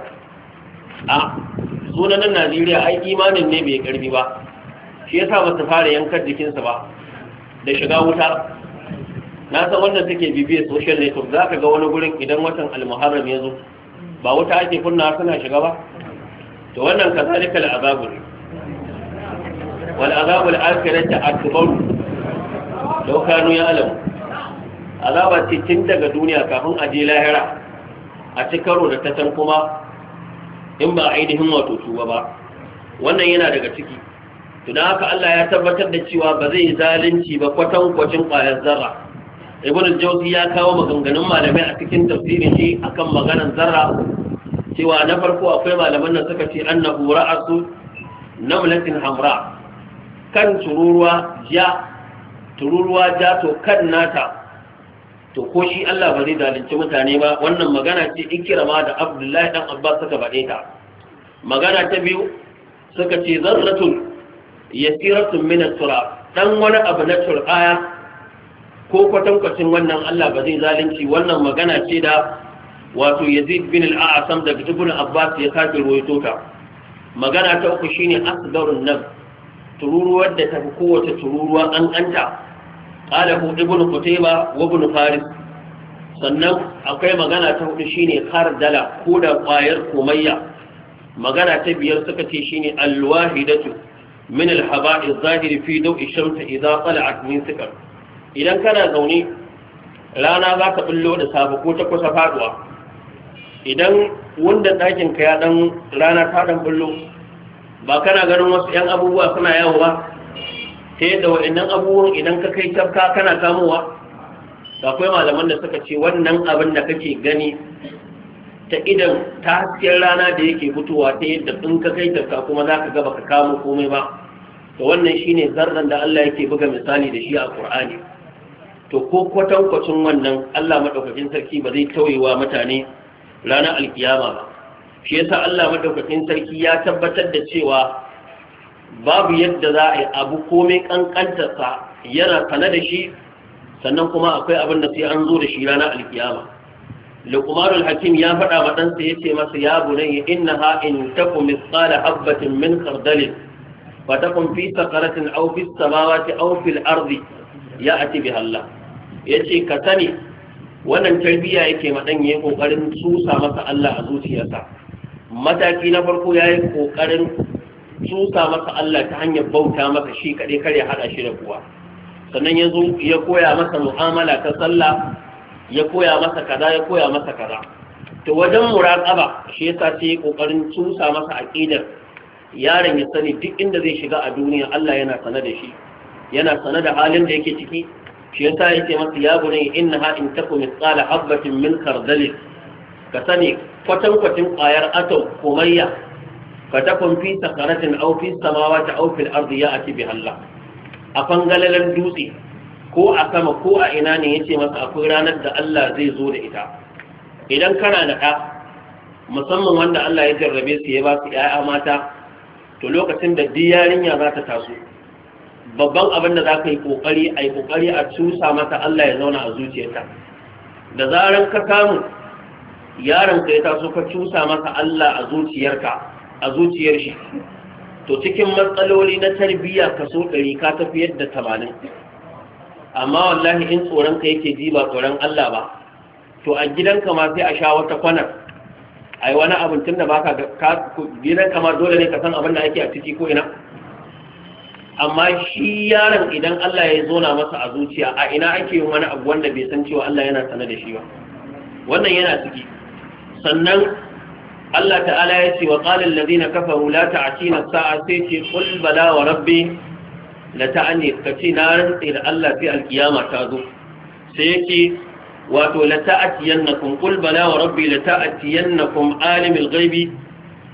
a sunanan najeriya ai imanin ne bai karbi ba shi yasa ba su fara yankar jikinsa ba da shiga wuta na san wanda suke bibiyar social network za ka ga wani gurin idan watan almuharram ya zo ba wuta ake kunna suna shiga ba to wannan kazalika al'azabu ne wal azabu al-akhirati akbar law kanu alamu. azaba ce tun daga duniya kafin a je lahira a ci karo da ta can kuma in ba ainihin wato tuba ba wannan yana daga ciki to haka Allah ya tabbatar da cewa ba zai zalunci ba kwatankwacin kwayar zarra ibn jawzi ya kawo maganganun malamai a cikin tafsirin shi akan maganar zarra cewa na farko akwai malaman nan suka ce annahu ra'atu namlatin hamra kan tururuwa ja tururuwa ja to kan nata to ko shi Allah ba zai zalunci mutane ba wannan magana ce ikirama da Abdullahi dan Abbas suka bade ta magana ta biyu suka ce zarratun yasiratun min turab dan wani abu na turqaya ko kwatankwacin wannan Allah ba zai zalunci wannan magana ce da wato Yazid bin al-A'sam daga Ibn Abbas ya sake ruwaito ta magana ta uku shine asgarun nan tururuwar da tafi kowace tururuwa an anta qala hu ibn Qutayba wa ibn Faris sannan akwai magana ta hudu shine kardala ko da kwayar komayya magana ta biyar suka ce shine al-wahidatu min al-haba'i adh-dhahiri fi daw'i shamsi idha qala'at min sikar idan kana zaune rana za ka bullo da sabu ko ta kusa faduwa idan wanda ɗakin ka ya ɗan rana ta ɗan bullo ba kana ganin wasu 'yan abubuwa suna yawo ba ta yadda wa'annan abubuwan idan ka kai tafka kana kamowa kai malaman da suka ce wannan abin da kake gani ta idan ta hasken rana da yake fitowa ta yadda in ka kai tafka kuma za ka gaba ka kamo komai ba to wannan shine zarran da Allah yake buga misali da shi a Qur'ani to ko kwatankwacin wannan Allah madaukakin sarki ba zai tauyewa mutane ranar alkiyama ba shi yasa Allah madaukakin sarki ya tabbatar da cewa babu yadda za a yi abu komai kankantarsa yana kana da shi sannan kuma akwai abin da sai an zo da shi ranar alkiyama luqmanul hakim ya faɗa wa ɗansa ya ce masa ya bunayya innaha in taku mithqala habatin min khardalin fa takun fi saqaratin aw fi samawati aw fil Allah ya ce ka sani wannan tarbiyya yake maɗan ya yi ƙoƙarin susa masa Allah a zuciyarsa mataki na farko ya yi ƙoƙarin susa masa Allah ta hanyar bauta masa shi kaɗai kar ya haɗa shi da kuwa sannan ya zo ya koya masa mu'amala ta sallah ya koya masa kaza ya koya masa kaza to wajen muraqaba shi yasa sai ƙoƙarin susa masa aqidar yaron ya sani duk inda zai shiga a duniya Allah yana sane da shi yana sane da halin da yake ciki shi yasa yake masa ya bune innaha in taku misala, habatin min khardal ka sani kwatan kwatin ƙwayar ko komayya ka takun fi sakaratin aw fi samawati aw fil ardi ya'ti bi Allah a fangalalan dutse ko a sama ko a ina ne yace masa akwai ranar da Allah zai zo da ita idan kana da ɗa musamman wanda Allah ya jarrabe su ya ba su ‘ya'ya mata to lokacin da duk yarinya za ta taso babban abin da za ka yi ƙoƙari a yi ƙoƙari a cusa mata Allah ya zauna a zuciyarta da zaran ka samu yaron ka ya taso ka cusa masa Allah a zuciyarka a zuciyar shi to cikin matsaloli na tarbiyya kaso ɗari ka tafi yadda tamanin amma wallahi in tsoron ka yake ji ba tsoron Allah ba to a gidanka ma sai a sha wata kwanar ai wani abin tun da baka gidanka ma dole ne ka san abin da ake a ciki ko ina amma shi yaron idan Allah ya zona masa a zuciya a ina ake yin wani abu wanda bai san cewa Allah yana sanar da shi ba wannan yana ciki sannan Allah ta'ala ya ce wa qala allazina kafaru la ta'tina sa'a sai ce qul bala wa rabbi la ta'ani kace na rantsi da Allah sai alkiyama ta zo sai yake wato la ta'tiyannakum qul bala wa rabbi la ta'tiyannakum alimul ghaibi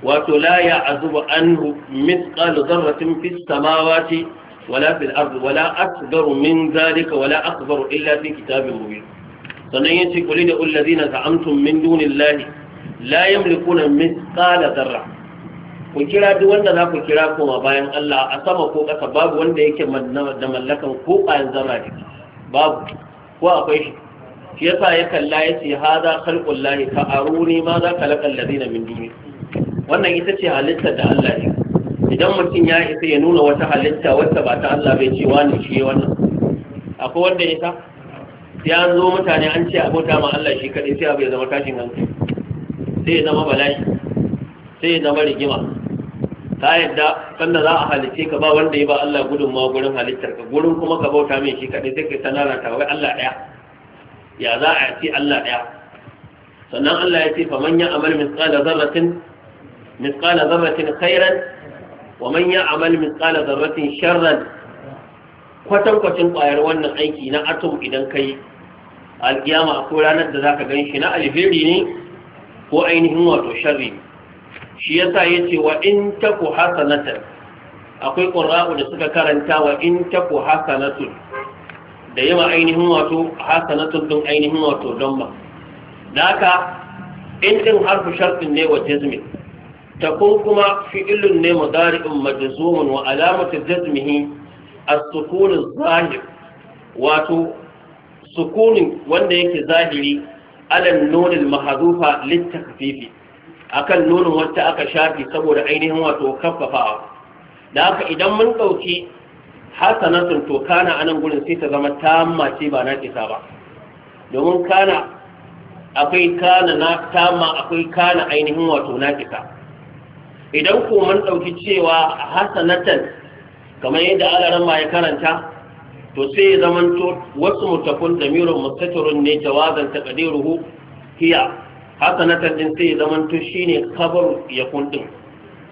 wato la ya azubu anhu mithqalu dharratin fis samawati wala fil ardi wala asgaru min zalika wala akbaru illa fi kitabin mubin sannan yace kulli da allazina za'amtum min dunillahi la yamlikuna mithqala zarra, ku kira duk wanda za ku kira kuma bayan Allah a sama ko ƙasa babu wanda yake da mallakan ko ƙayan zarra ne babu ko akwai shi shi yasa ya kalla yace hada khalqul lahi fa aruni ma za khalaqa allazina min dunihi wannan ita ce halitta da Allah ne idan mutum ya isa ya nuna wata halitta wacce ba ta Allah bai ce wani shi wannan akwai wanda ya sa sai an zo mutane an ce abota ma Allah shi kadai sai abu ya zama tashin hankali sai ya zama bala'i sai ya zama rigima ta yadda sanda za a halice ka ba wanda ya ba Allah gudunmawa gurin halittar ka gurin kuma ka bauta mai shi kadai sai ka sanara ta wai Allah daya ya za a ce Allah daya sannan Allah ya ce fa man ya amal misqala zarratin مثقال ذرة خيرا ومن يعمل مثقال ذرة شرا kwatankwacin ƙwayar wannan aiki na atom idan ka yi alkiyama a ranar da za ka gan shi na alheri ne ko ainihin wato sharri shi ya sa ya ce wa in ta ku hasanatar akwai ƙura'u da suka karanta wa in ta ku hasanatul da yawa ainihin wato hasanatul don ainihin wato don ba da haka in ɗin harfi sharfin ne wa jazmin تكون كما فعل ني مضارع مجزوم وعلامة جزمه sukunin الظاهر واتو سكون wanda yake zahiri alan nunin mahadufa littakafifi akan nunin wata aka shafi saboda ainihin wato kafafawa. da haka idan mun ɗauki hasanatun to kana a nan gurin sai ta zama tamma ce ba na kisa ba domin kana akwai kana na tamma akwai kana ainihin wato na kisa idan ko mun ɗauki cewa hasanatan kamar yadda alaran ma ya karanta to sai ya to wasu mutafun damirun mustatirun ne jawazan taqdiruhu hiya hasanatan din sai zaman to shine kabaru ya kundin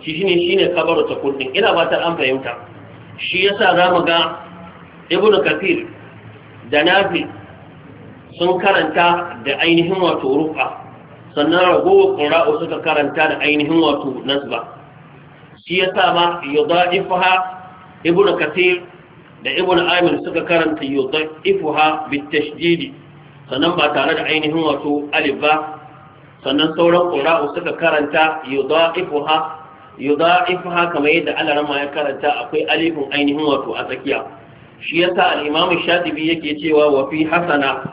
shi shine shine kabaru ta kundin ina ba ta an fahimta shi yasa zamu ga ibnu kafir da nafi sun karanta da ainihin wato rufa sannan ragowar ƙura'u suka karanta da ainihin wato nasba shi ya sa ma yudha'ifuha ibnu Katir da ibnu amir suka karanta yudha'ifuha bitashdid sannan ba tare da ainihin wato alif ba sannan sauran ƙura'u suka karanta yudha'ifuha yudha'ifuha kamar yadda alarama ya karanta akwai alifin ainihin wato a tsakiya shi yasa sa imam Shadibi yake cewa wafi hasana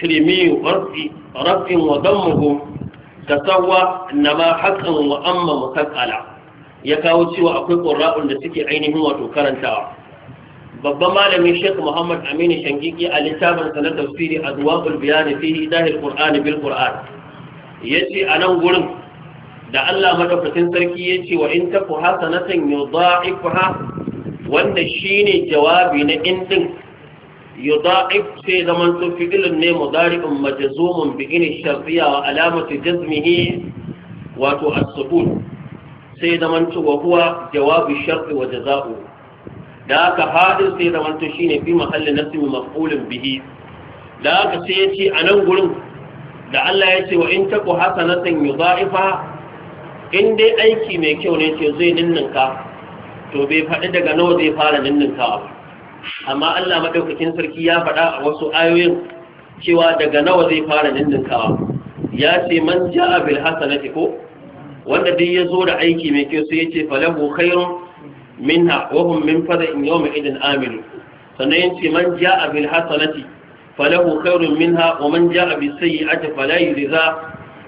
shirmi rafi rafin wa dammuhu tasawwa ma haqqan wa amma mukaqqala ya kawo cewa akwai ƙura'un da suke ainihin wato karantawa babban malamin Sheikh Muhammad Aminu Shangiki a littafin sa na tafsiri Adwaqul Bayan fi Hidayah Al-Qur'an bil ya yace a nan gurin da Allah madaukakin sarki ce wa in taku hasanatan yudha'ifha wanda shine jawabi na in din يضاعف سي زمن تو فعل ne مضارع مجزوم بإن الشرطية وعلامة جزمه واتو السكون سي زمن تو وهو جواب الشرط وجزاؤه ذاك حاضر سي زمن تو شيني في محل نسم مفعول به ذاك سي يتي anan gurin da Allah ya ce wa in taku hasanatan yudha'ifa in dai aiki mai kyau ne ce zai ninninka to bai faɗi daga nawa zai fara ninninka ba amma Allah madaukakin sarki ya faɗa a wasu ayoyin cewa daga nawa zai fara dindinkawa ya ce man ja'a bil hasanati ko wanda duk ya zo da aiki mai kyau sai ya ce falahu khairun minha wa hum min fada'in yawma idin aminu sannan ya ce man ja'a bil hasanati falahu khairun minha wa man ja'a bis sayyi'ati fala yujza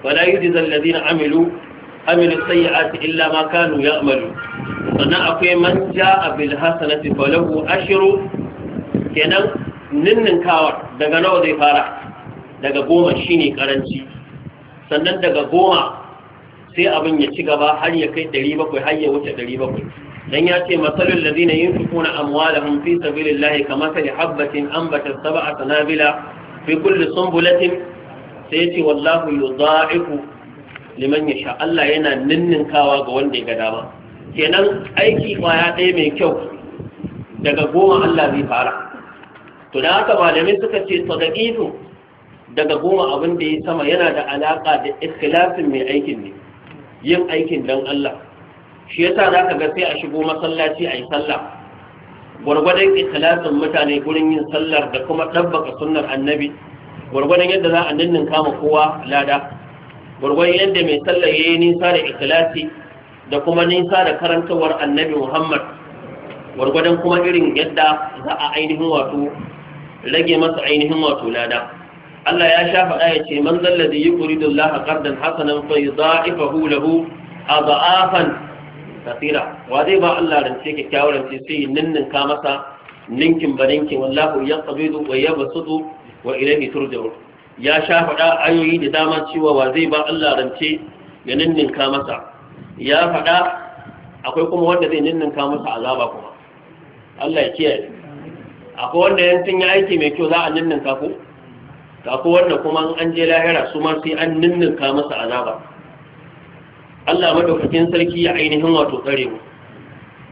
fala yujza alladhina amilu amilu sayyi'ati illa ma kanu ya'malu sannan akwai manja ja'a bil hasanati falahu ashiru kenan ninnin kawar daga nawa zai fara daga goma shine karanci sannan daga goma sai abin ya ci gaba har ya kai 700 har ya wuce 700 dan ya ce masalul ladina yunfiquna amwalahum fi sabilillahi kamathali habatin anbatat sab'a sanabila fi kulli sunbulatin sai ce wallahu yudha'ifu liman yasha Allah yana ninkawa ga wanda ya ga dama kenan aiki kwaya ɗaya mai kyau daga goma Allah zai fara to da haka malamai suka ce daƙiƙu daga goma abin da ya sama yana da alaƙa da ikhlasin mai aikin ne yin aikin don Allah shi yasa ka ga sai a shigo masallaci ayi sallah gwargwadon ikhlasin mutane gurin yin sallar da kuma ɗabbaka sunnar annabi gwargwadon yadda za a ninnin kama kowa lada gwargwadon yadda mai sallar ya yi nisa da ikhlasi da kuma nisa da karantawar annabi Muhammad gwargwadon kuma irin yadda za a ainihin wato rage masa ainihin wato lada Allah ya sha faɗa ya ce man zallazi yuridu Allah qardan hasanan fa yudha'ifahu lahu adha'afan kathira wa zai ba Allah rance kyakkyawar rance sai ninnin ka masa ninkin barinkin wallahu yaqbidu wa yabsutu wa ilayhi turja'un ya sha faɗa ayoyi da dama cewa wa zai ba Allah rance ya ninninka masa ya faɗa akwai kuma wanda zai ninninka masa azaba kuma Allah ya kiyaye akwai wanda yan ya aiki mai kyau za a ninninka ko ta wanda kuma an je lahira su ma sai an ninninka masa azaba Allah madaukakin sarki ya ainihin wato tsare mu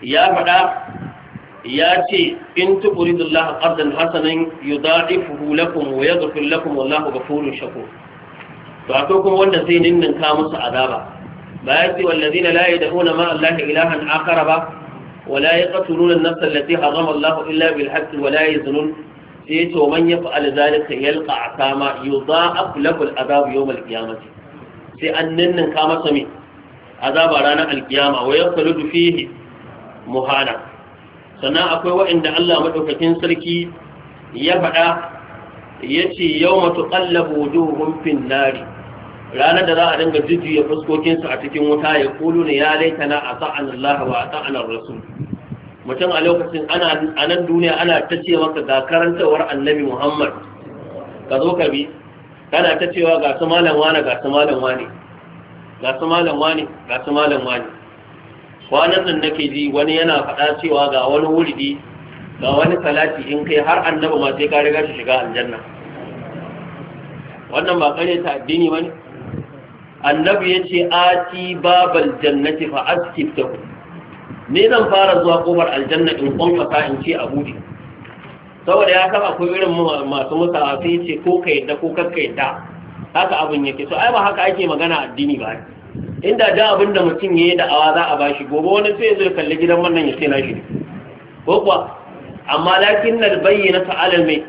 ya faɗa ya ce in tuqridullaha qardan hasanan yudaifuhu lakum wa yaghfir lakum wallahu ghafurur shakur to akwai kuma wanda zai ninninka masa azaba بأيدي والذين لا يدعون مع الله إلها آخر با ولا يقتلون النفس التي حرم الله إلا بالحق ولا يزنون سيت ومن يفعل ذلك يلقى عثاما يضاعف له العذاب يوم القيامة سأنن كما سمي عذاب رانا القيامة ويخلد فيه مهانا sannan akwai waɗanda Allah maɗaukakin sarki ya faɗa ya ce yau matuƙallabu wujuhun fin nari ranar da za a dinga jujjuya fuskokinsu a cikin wuta ya kulu ne ya na a sa'an Allah wa a sa'an Rasul mutum a lokacin ana a nan duniya ana ta ce maka ga karantawar annabi Muhammad ka zo ka bi kana ta cewa ga su malam wani ga su malam wani ga su malam wani ga su malam wani kwanan nan nake ji wani yana faɗa cewa ga wani wuridi ga wani salati in kai har annabi ma sai ka riga shi shiga aljanna wannan ba kare ta addini bane annabi ya ce ati babal jannati fa ku. ne zan fara zuwa kofar aljanna in kwanfasa in ce a buɗe saboda ya saba akwai irin masu a sai ce ko ka yadda ko kakka yadda haka abin yake so ai ba haka ake magana addini ba inda da abin da mutum ya yi da'awa za a ba shi gobe wani sai zai kalli gidan wannan ya ce na shi ko kuwa amma lakin na bayyana ta'alar mai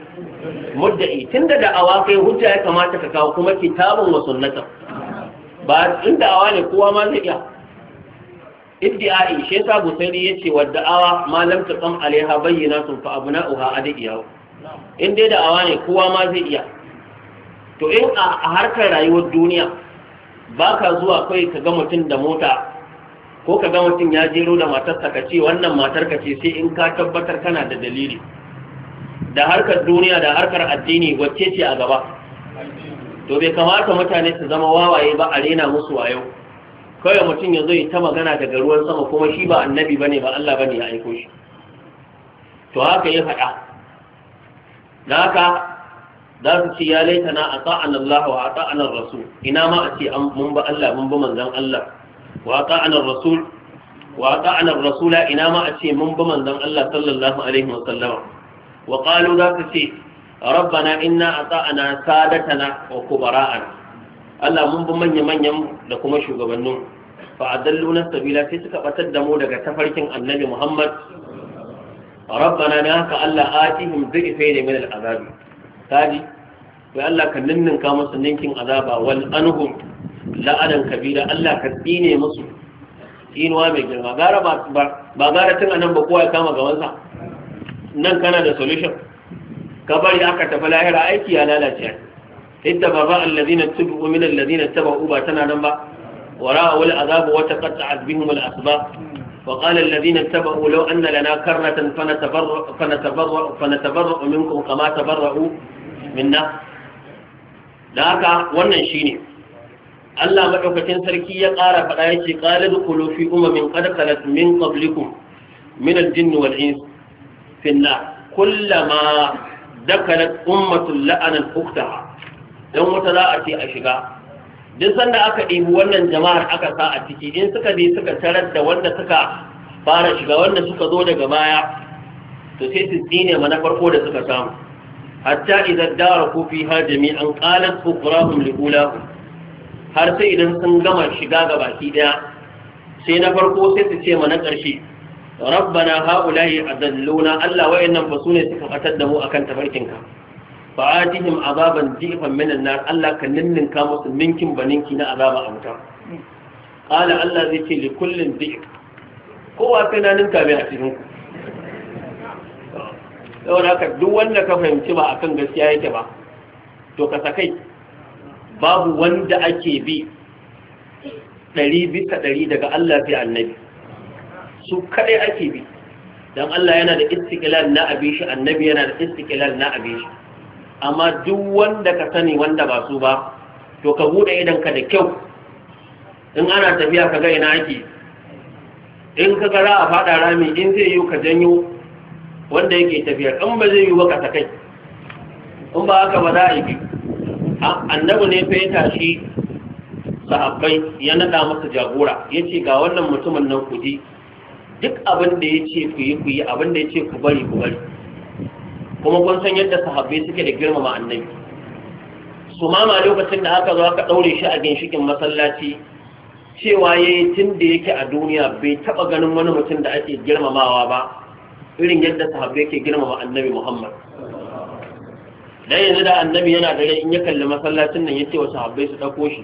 mudda'i tun da da'awa kai hujja ya kamata ka kawo kuma kitabun wasu sunnatan ba in da'awa ne kowa ma zai iya iddi'ai shi yasa ya yace wa da'awa ma lam taqam alaiha bayyinatun fa abna'uha yawo in dai da'awa ne kowa ma zai iya to in a harkar rayuwar duniya baka zuwa kai ka ga mutum da mota ko ka ga mutum ya jero da matarsa ka ce wannan matar ka ce sai in ka tabbatar kana da dalili da harkar duniya da harkar addini wacce ce a gaba to bai kamata mutane su zama wawaye ba a rena musu yau? kawai mutum ya zo yi ta magana daga ruwan sama kuma shi ba annabi ba ne ba Allah ba ne ya aiko shi to haka ya haɗa. da haka za su ce ya laita na a sa'an Allah wa a sa'an Rasul ina ma a ce mun ba Allah mun ba manzan Allah wa a sa'an Rasul wa a sa'an Rasula ina ma a ce mun ba manzan Allah sallallahu alaihi wa sallama wa qalu za su ce rabbana inna ata'ana sadatana wa kubara'ana Allah mun bi manya manyan da kuma shugabannin fa adalluna sabila sai suka batar da mu daga tafarkin annabi Muhammad rabbana na ka Allah atihim dhifayn min al'azabi Sadi, sai Allah ka ninninka musu ninkin azaba wal anhum la'anan kabira Allah ka tsine musu inuwa mai girma gara ba ba gara tun anan ba kowa ya kama ga wansa. nan kana da solution ka bari aka tafi lahira aiki ya lalace idda ba ba allazina tubu min allazina tabu ba tana nan ba wara wal azab wa taqatta'at bihim al asbab wa qala allazina tabu law anna lana karratan fanatabarra fanatabarra fanatabarra minkum kama tabarra'u minna da haka wannan shine Allah madaukakin sarki ya ƙara faɗa yake qalad qulufi umamin qad khalat min qablikum min al-jinn wal-ins fi an-nar kullama dakalat ummatul la'anat uktaha dan wata za a ce a shiga duk sanda aka ɗibi wannan jama'ar aka sa a ciki in suka bi suka tarar da wanda suka fara shiga wanda suka zo daga baya to sai su tsine ma na farko da suka samu hatta idan dawar ko fi jami'an qalat ukrahum li har sai idan sun gama shiga ga baki ɗaya. sai na farko sai su ce ma na ƙarshe rabbana haula'i adalluna Allah wayannan fa sune suka fatar da mu akan tafarkinka fa atihim azaban dhifan min an-nar Allah ka ninninka musu ninkin baninki na azaba a wuta Allah zai ce li kullin dhif kowa sai na ninka mai a cikin ku saboda haka duk wanda ka fahimci ba akan gaskiya yake ba to ka sakai babu wanda ake bi ɗari bisa ɗari daga Allah sai annabi su kaɗai ake bi don Allah yana da istiqlal na abin shi annabi yana da istiqlal na abin shi amma duk wanda ka sani wanda ba su ba to ka buɗe idan ka da kyau in ana tafiya ka ga ina ake in ka ga a faɗa rami in zai yi ka janyo wanda yake tafiya in ba zai yi ba ka sakai in ba haka ba za a yi bi? annabi ne fa ya tashi sahabbai ya naɗa masa jagora ya ce ga wannan mutumin nan kuji duk abin da ya ce ku yi ku yi abin da ya ce ku bari ku bari kuma kun san yadda sahabbai suke da girmama annabi su mama lokacin da aka zo aka ɗaure shi a ginshikin masallaci cewa ya yi tun da yake a duniya bai taɓa ganin wani mutum da ake girmamawa ba irin yadda sahabbai ke girmama annabi muhammad dan yanzu da annabi yana da rai in ya kalli masallacin nan ya ce wa sahabbai su dauko shi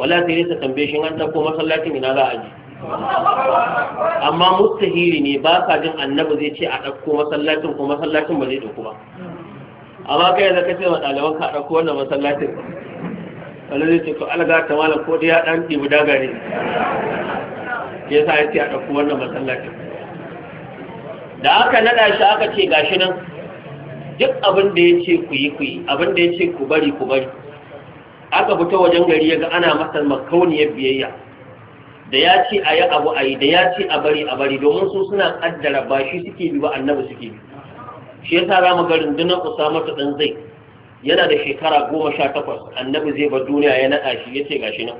wala sai ne su tambaye shi an ɗauko masallacin ina za a je?
amma
mustahili ne ba ka jin annabi zai ce a ɗauko masallacin ko masallacin ba zai ɗauko ba amma kai yanzu ka ce wa ɗaliban ka ɗauko wannan masallacin wani zai ce ko alga ta malam ko dai ya ɗan ɗibi daga ne ya sa ya ce a ɗauko wannan masallacin da aka naɗa shi aka ce gashi nan duk abin da ya ce ku yi ku yi abin da ya ce ku bari ku bari aka fito wajen gari ya ga ana masa makauniyar biyayya da ya ce a yi abu a yi da ya ce a bari a bari domin su suna kaddara ba shi suke bi ba annabi suke bi shi yasa za mu ga rundunar usama ta dan zai yana da shekara goma sha takwas annabi zai bar duniya ya naɗa shi ya ce gashi nan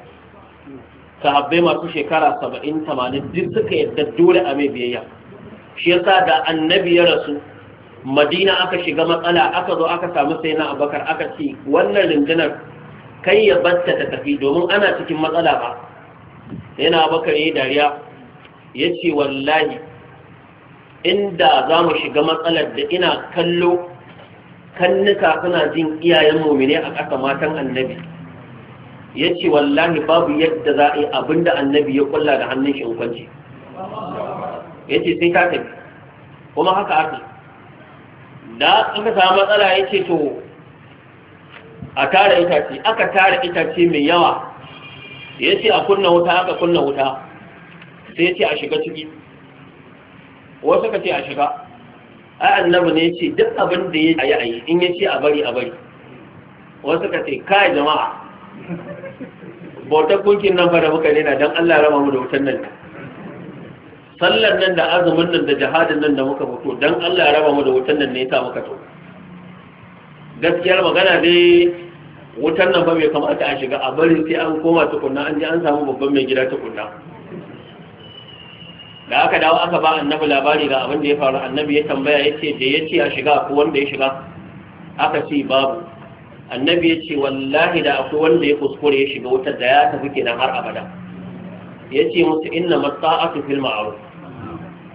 sahabbai masu shekara saba'in tamanin duk suka yadda dole a mai biyayya shi yasa da annabi ya rasu madina aka shiga matsala aka zo aka samu sai na abakar aka ce wannan rundunar kai ya batta ta tafi domin ana cikin matsala ba yana bakar yi dariya ya ce wallahi inda za mu shiga matsalar da ina kallo kannuka suna jin iyayen mumine a ƙasa matan annabi ya ce wallahi babu yadda za a yi abin da annabi ya kulla da hannun shi hukunci ya ce sai ta tafi kuma haka aka da aka samu matsala ya ce to a tara itace aka tara itace mai yawa ya ce a kunna wuta aka kunna wuta sai ya ce a shiga ciki wasu ka ce a shiga ai annabi ne ya ce duk abin da ya yi a yi in ya ce a bari a bari wasu ka ce kai jama'a bautar kunkin nan fara muka nena don Allah rama mu da wutan nan sallar nan da azumin nan da jihadin nan da muka fito don Allah rama mu da wutan nan ne ta muka to gaskiyar magana dai wutar nan ba mai kamata a shiga a bari sai an koma tukunna an ji an samu babban mai gida tukunna da aka dawo aka ba annabi labari ga abin da ya faru annabi ya tambaya ya ce da ya ce a shiga ko wanda ya shiga aka ce babu annabi ya ce wallahi da akwai wanda ya kuskure ya shiga wutar da ya tafi kenan har abada ya ce musu inna matsa'atu fil ma'ruf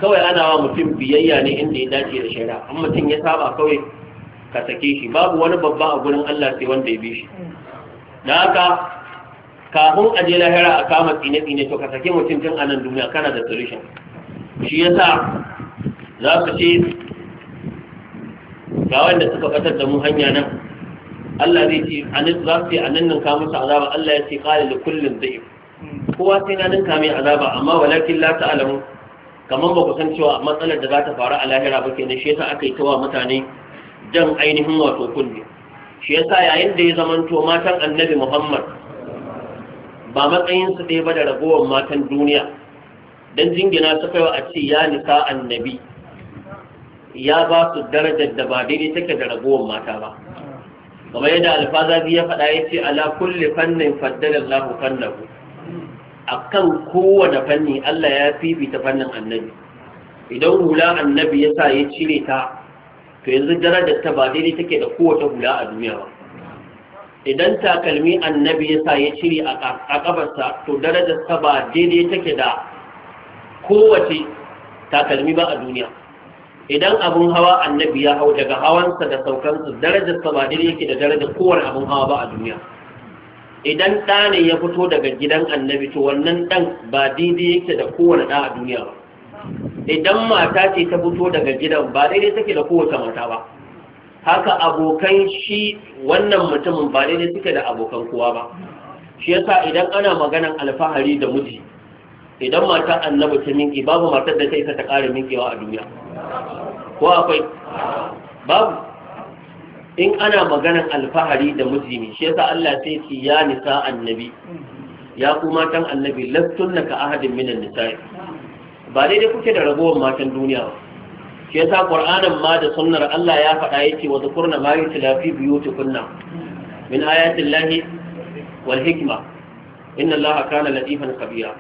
kawai ana wa mutum biyayya ne inda ya dace da shari'a amma mutum ya saba kawai ka sake shi babu wani babba a gurin Allah sai wanda ya bi shi na haka kafin a lahira a kama tsine-tsine to ka sake mutum tun a nan duniya kana da solution shi yasa za ka ce ga wanda suka fatar da mu hanya nan Allah zai ce za su ce anan nan ka musu azaba Allah ya ce qala li kullin dhif kowa sai na ninka mai azaba amma walakin la ta'lamu kaman ba ku san cewa matsalar da za ta faru a lahira ba kenan shi yasa aka yi tawa mutane jan ainihin wato kunne shi yasa yayin da ya zamanto matan annabi muhammad ba matsayin su ɗaya ba da ragowar matan duniya don jingina su kaiwa a ce ya nisa annabi ya ba su darajar da ba daidai take da ragowar mata ba kamar yadda alfazabi ya faɗa ya ce ala kulli fannin faddalar lahu fannahu a kan kowane fanni allah ya fifita fannin annabi idan hula annabi ya sa ya cire ta to yanzu darajar ta ba daidai take da kowace hula a duniya ba idan takalmi annabi ya sa ya cire a kafarsa to darajar ta ba daidai take da kowace takalmi ba a duniya idan abun hawa annabi ya hau daga hawansa da saukansa darajar ta ba daidai yake da darajar kowane abun hawa ba a duniya idan ɗa ne ya fito daga gidan annabi to wannan ɗan ba daidai yake da kowane ɗa a duniya ba idan mata ce ta fito daga gidan ba daidai take da kowace mata ba haka abokan shi wannan mutumin ba daidai suke da abokan kowa ba shi yasa idan ana maganan alfahari da muji, idan mata annabi ta minki babu matar da ta isa ta ƙara minkewa a duniya ko akwai babu in ana maganan alfahari da miji ne shi yasa Allah sai ce ya nisa annabi ya kuma tan annabi lastunna ka ahadin minan nisa'i ba daidai kuke da ragowar matan duniya ba shi yasa qur'anin ma da sunnar Allah ya faɗa yake wa zakurna ma yutla fi min ayati llahi wal hikma inna allaha kana latifan khabira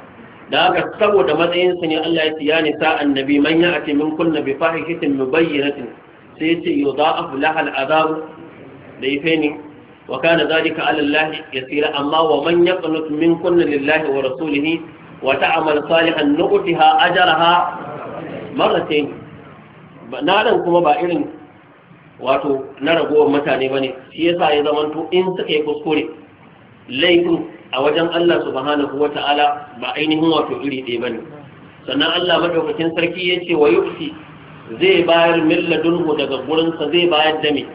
da haka saboda matsayin sa ne Allah ya tiya ni sa annabi man ya'ti min kunna bi fahishatin mubayyinatin sai yace yudha'afu laha al'adab da yafini wa kana zalika ala allahi yasira amma wa man yaqnut min kunna lillahi wa rasulihi وتعمل صالحا نؤتها أجرها مرتين نارن كما بائرن wato na ragowar mutane ba ne shi yasa ya zamanto in suka yi kuskure laifin a wajen Allah subhanahu wa ta'ala ba ainihin wato iri ɗaya ba ne sannan Allah maɗaukakin sarki ya ce wa yuksi zai bayar milladunhu daga gurinsa zai bayar da mai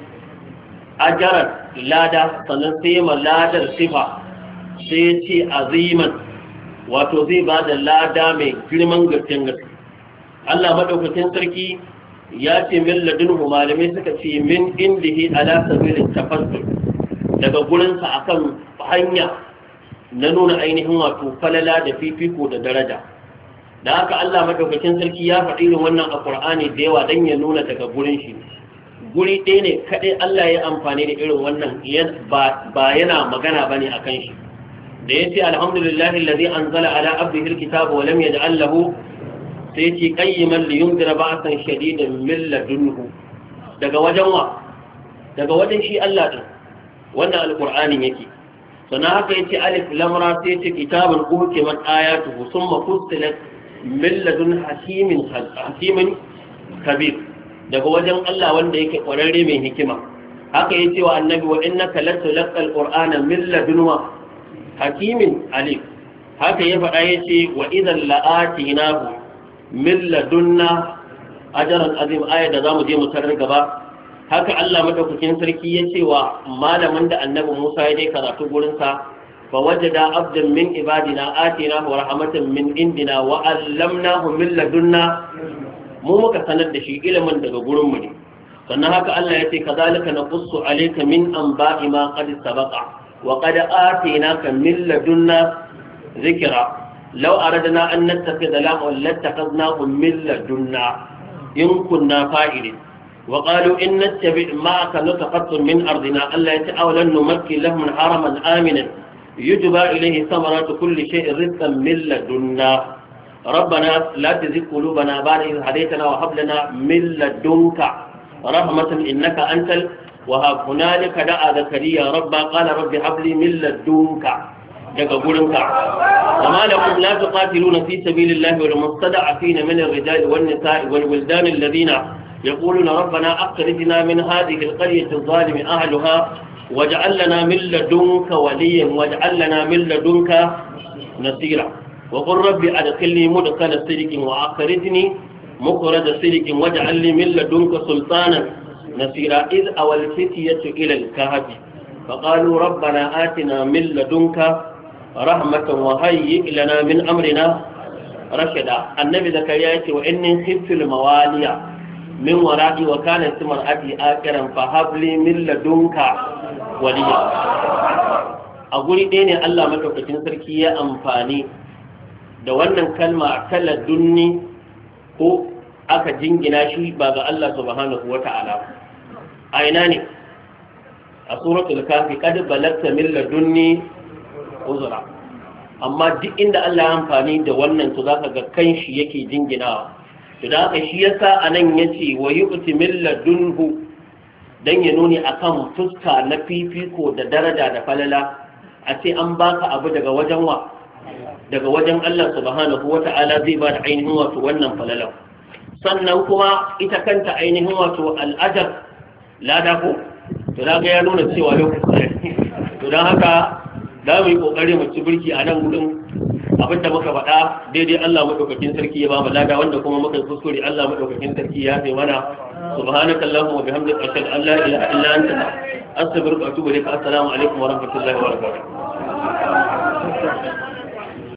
ajarar lada sannan sai ma ladar sifa sai ya ce aziman wato zai ba da lada mai girman gaske gaske Allah madaukakin sarki ya ce min ladunhu malamai suka ce min indihi ala sabilin tafassul daga gurinsa akan hanya na nuna ainihin wato falala da fifiko da daraja da haka Allah madaukakin sarki ya faɗi irin wannan a Qur'ani da yawa dan ya nuna daga gurin shi guri ɗaya ne kaɗai Allah ya amfani da irin wannan ba yana magana ba bane akan shi da ya yace alhamdulillahi alladhi anzala ala abdihi kitabu wa lam yaj'al lahu sai yace qayyiman li yunzira ba'san shadidan min ladunhu daga wajen wa daga wajen shi Allah din wannan alqur'anin yake sana haka yace alif lam ra sai yace kitabun uhkimat ayatuhu thumma fussilat min ladun hakimin hakimin kabir daga wajen Allah wanda yake kwararre mai hikima haka ya ce wa annabi wa innaka latulqa alqur'ana min ladunwa hakimin alif haka ya faɗa ya ce wa idan la'ati na ku milladunna ajaran azim ayar da za mu je mu tarar gaba haka Allah madaukakin sarki ya ce wa malamin da annabi Musa ya je karatu gurinsa fa wajada abdan min ibadina atina wa rahmatan min indina wa allamnahu min ladunna mu muka sanar da shi ilimin daga gurin mu ne sannan haka Allah ya ce kazalika naqussu alayka min anba'i ma qad sabaqa wa qad atinaka min ladunna zikra law aradna an nattakhidha lahu lattakhadnahu min ladunna in kunna fa'ilin wa qalu in nattabi' ma'aka nutaqattu min ardina alla yata'awalan numakki lahum haraman aminan yujba ilayhi thamaratu kulli shay'in rizqan min ladunna ربنا لا تزغ قلوبنا بعد إذ هديتنا وهب لنا من لدنك رحمة إنك أنت wa hunalika da'a zakariya rabba qala rabbi habli min ladunka daga gurinka amma da kuma la tuqatiluna fi sabilillahi wal mustada'afina min ar-rijali wan nisa'i wal wildan alladhina يقولون ربنا أخرجنا من هذه القرية الظالم أهلها واجعل لنا من لدنك وليا واجعل لنا من لدنك نصيرا وقل ربي أدخلني مدخل صدق وأخرجني مخرج صدق واجعل لي من لدنك nasira iz awal fitiyatu ila al-kahf fa qalu rabbana atina min ladunka rahmatan wa hayyi lana min amrina rashada annabi zakariya yake wa inni khifil mawaliya min wara'i wa kana ismar abi akiran fa habli min ladunka waliya a guri ɗaya ne Allah sarki ya amfani da wannan kalma a kala dunni ko aka jingina shi ba ga Allah subhanahu wata'ala a ina ne a suratul kafi kad balagta min ladunni uzra amma duk inda Allah ya amfani da wannan to zaka ga kanshi yake jinginawa to da haka shi yasa anan yace wa yu'ti min ladunhu dan ya nuni akan fuska na fifiko da daraja da falala a ce an baka abu daga wajen wa daga wajen Allah subhanahu wata'ala zai ba da ainihin wato wannan falalan sannan kuma ita kanta ainihin wato al'adar. lada ko to na ga ya nuna cewa lokaci to don haka za mu yi kokari mu ci birki a nan gudun abin da muka faɗa daidai Allah madaukakin sarki ya ba mu lada wanda kuma muka kuskure Allah madaukakin sarki ya fi mana subhanaka allahumma wa bihamdika ashhadu an la ilaha illa anta astaghfiruka wa atubu ilaik assalamu alaikum wa rahmatullahi wa
barakatuh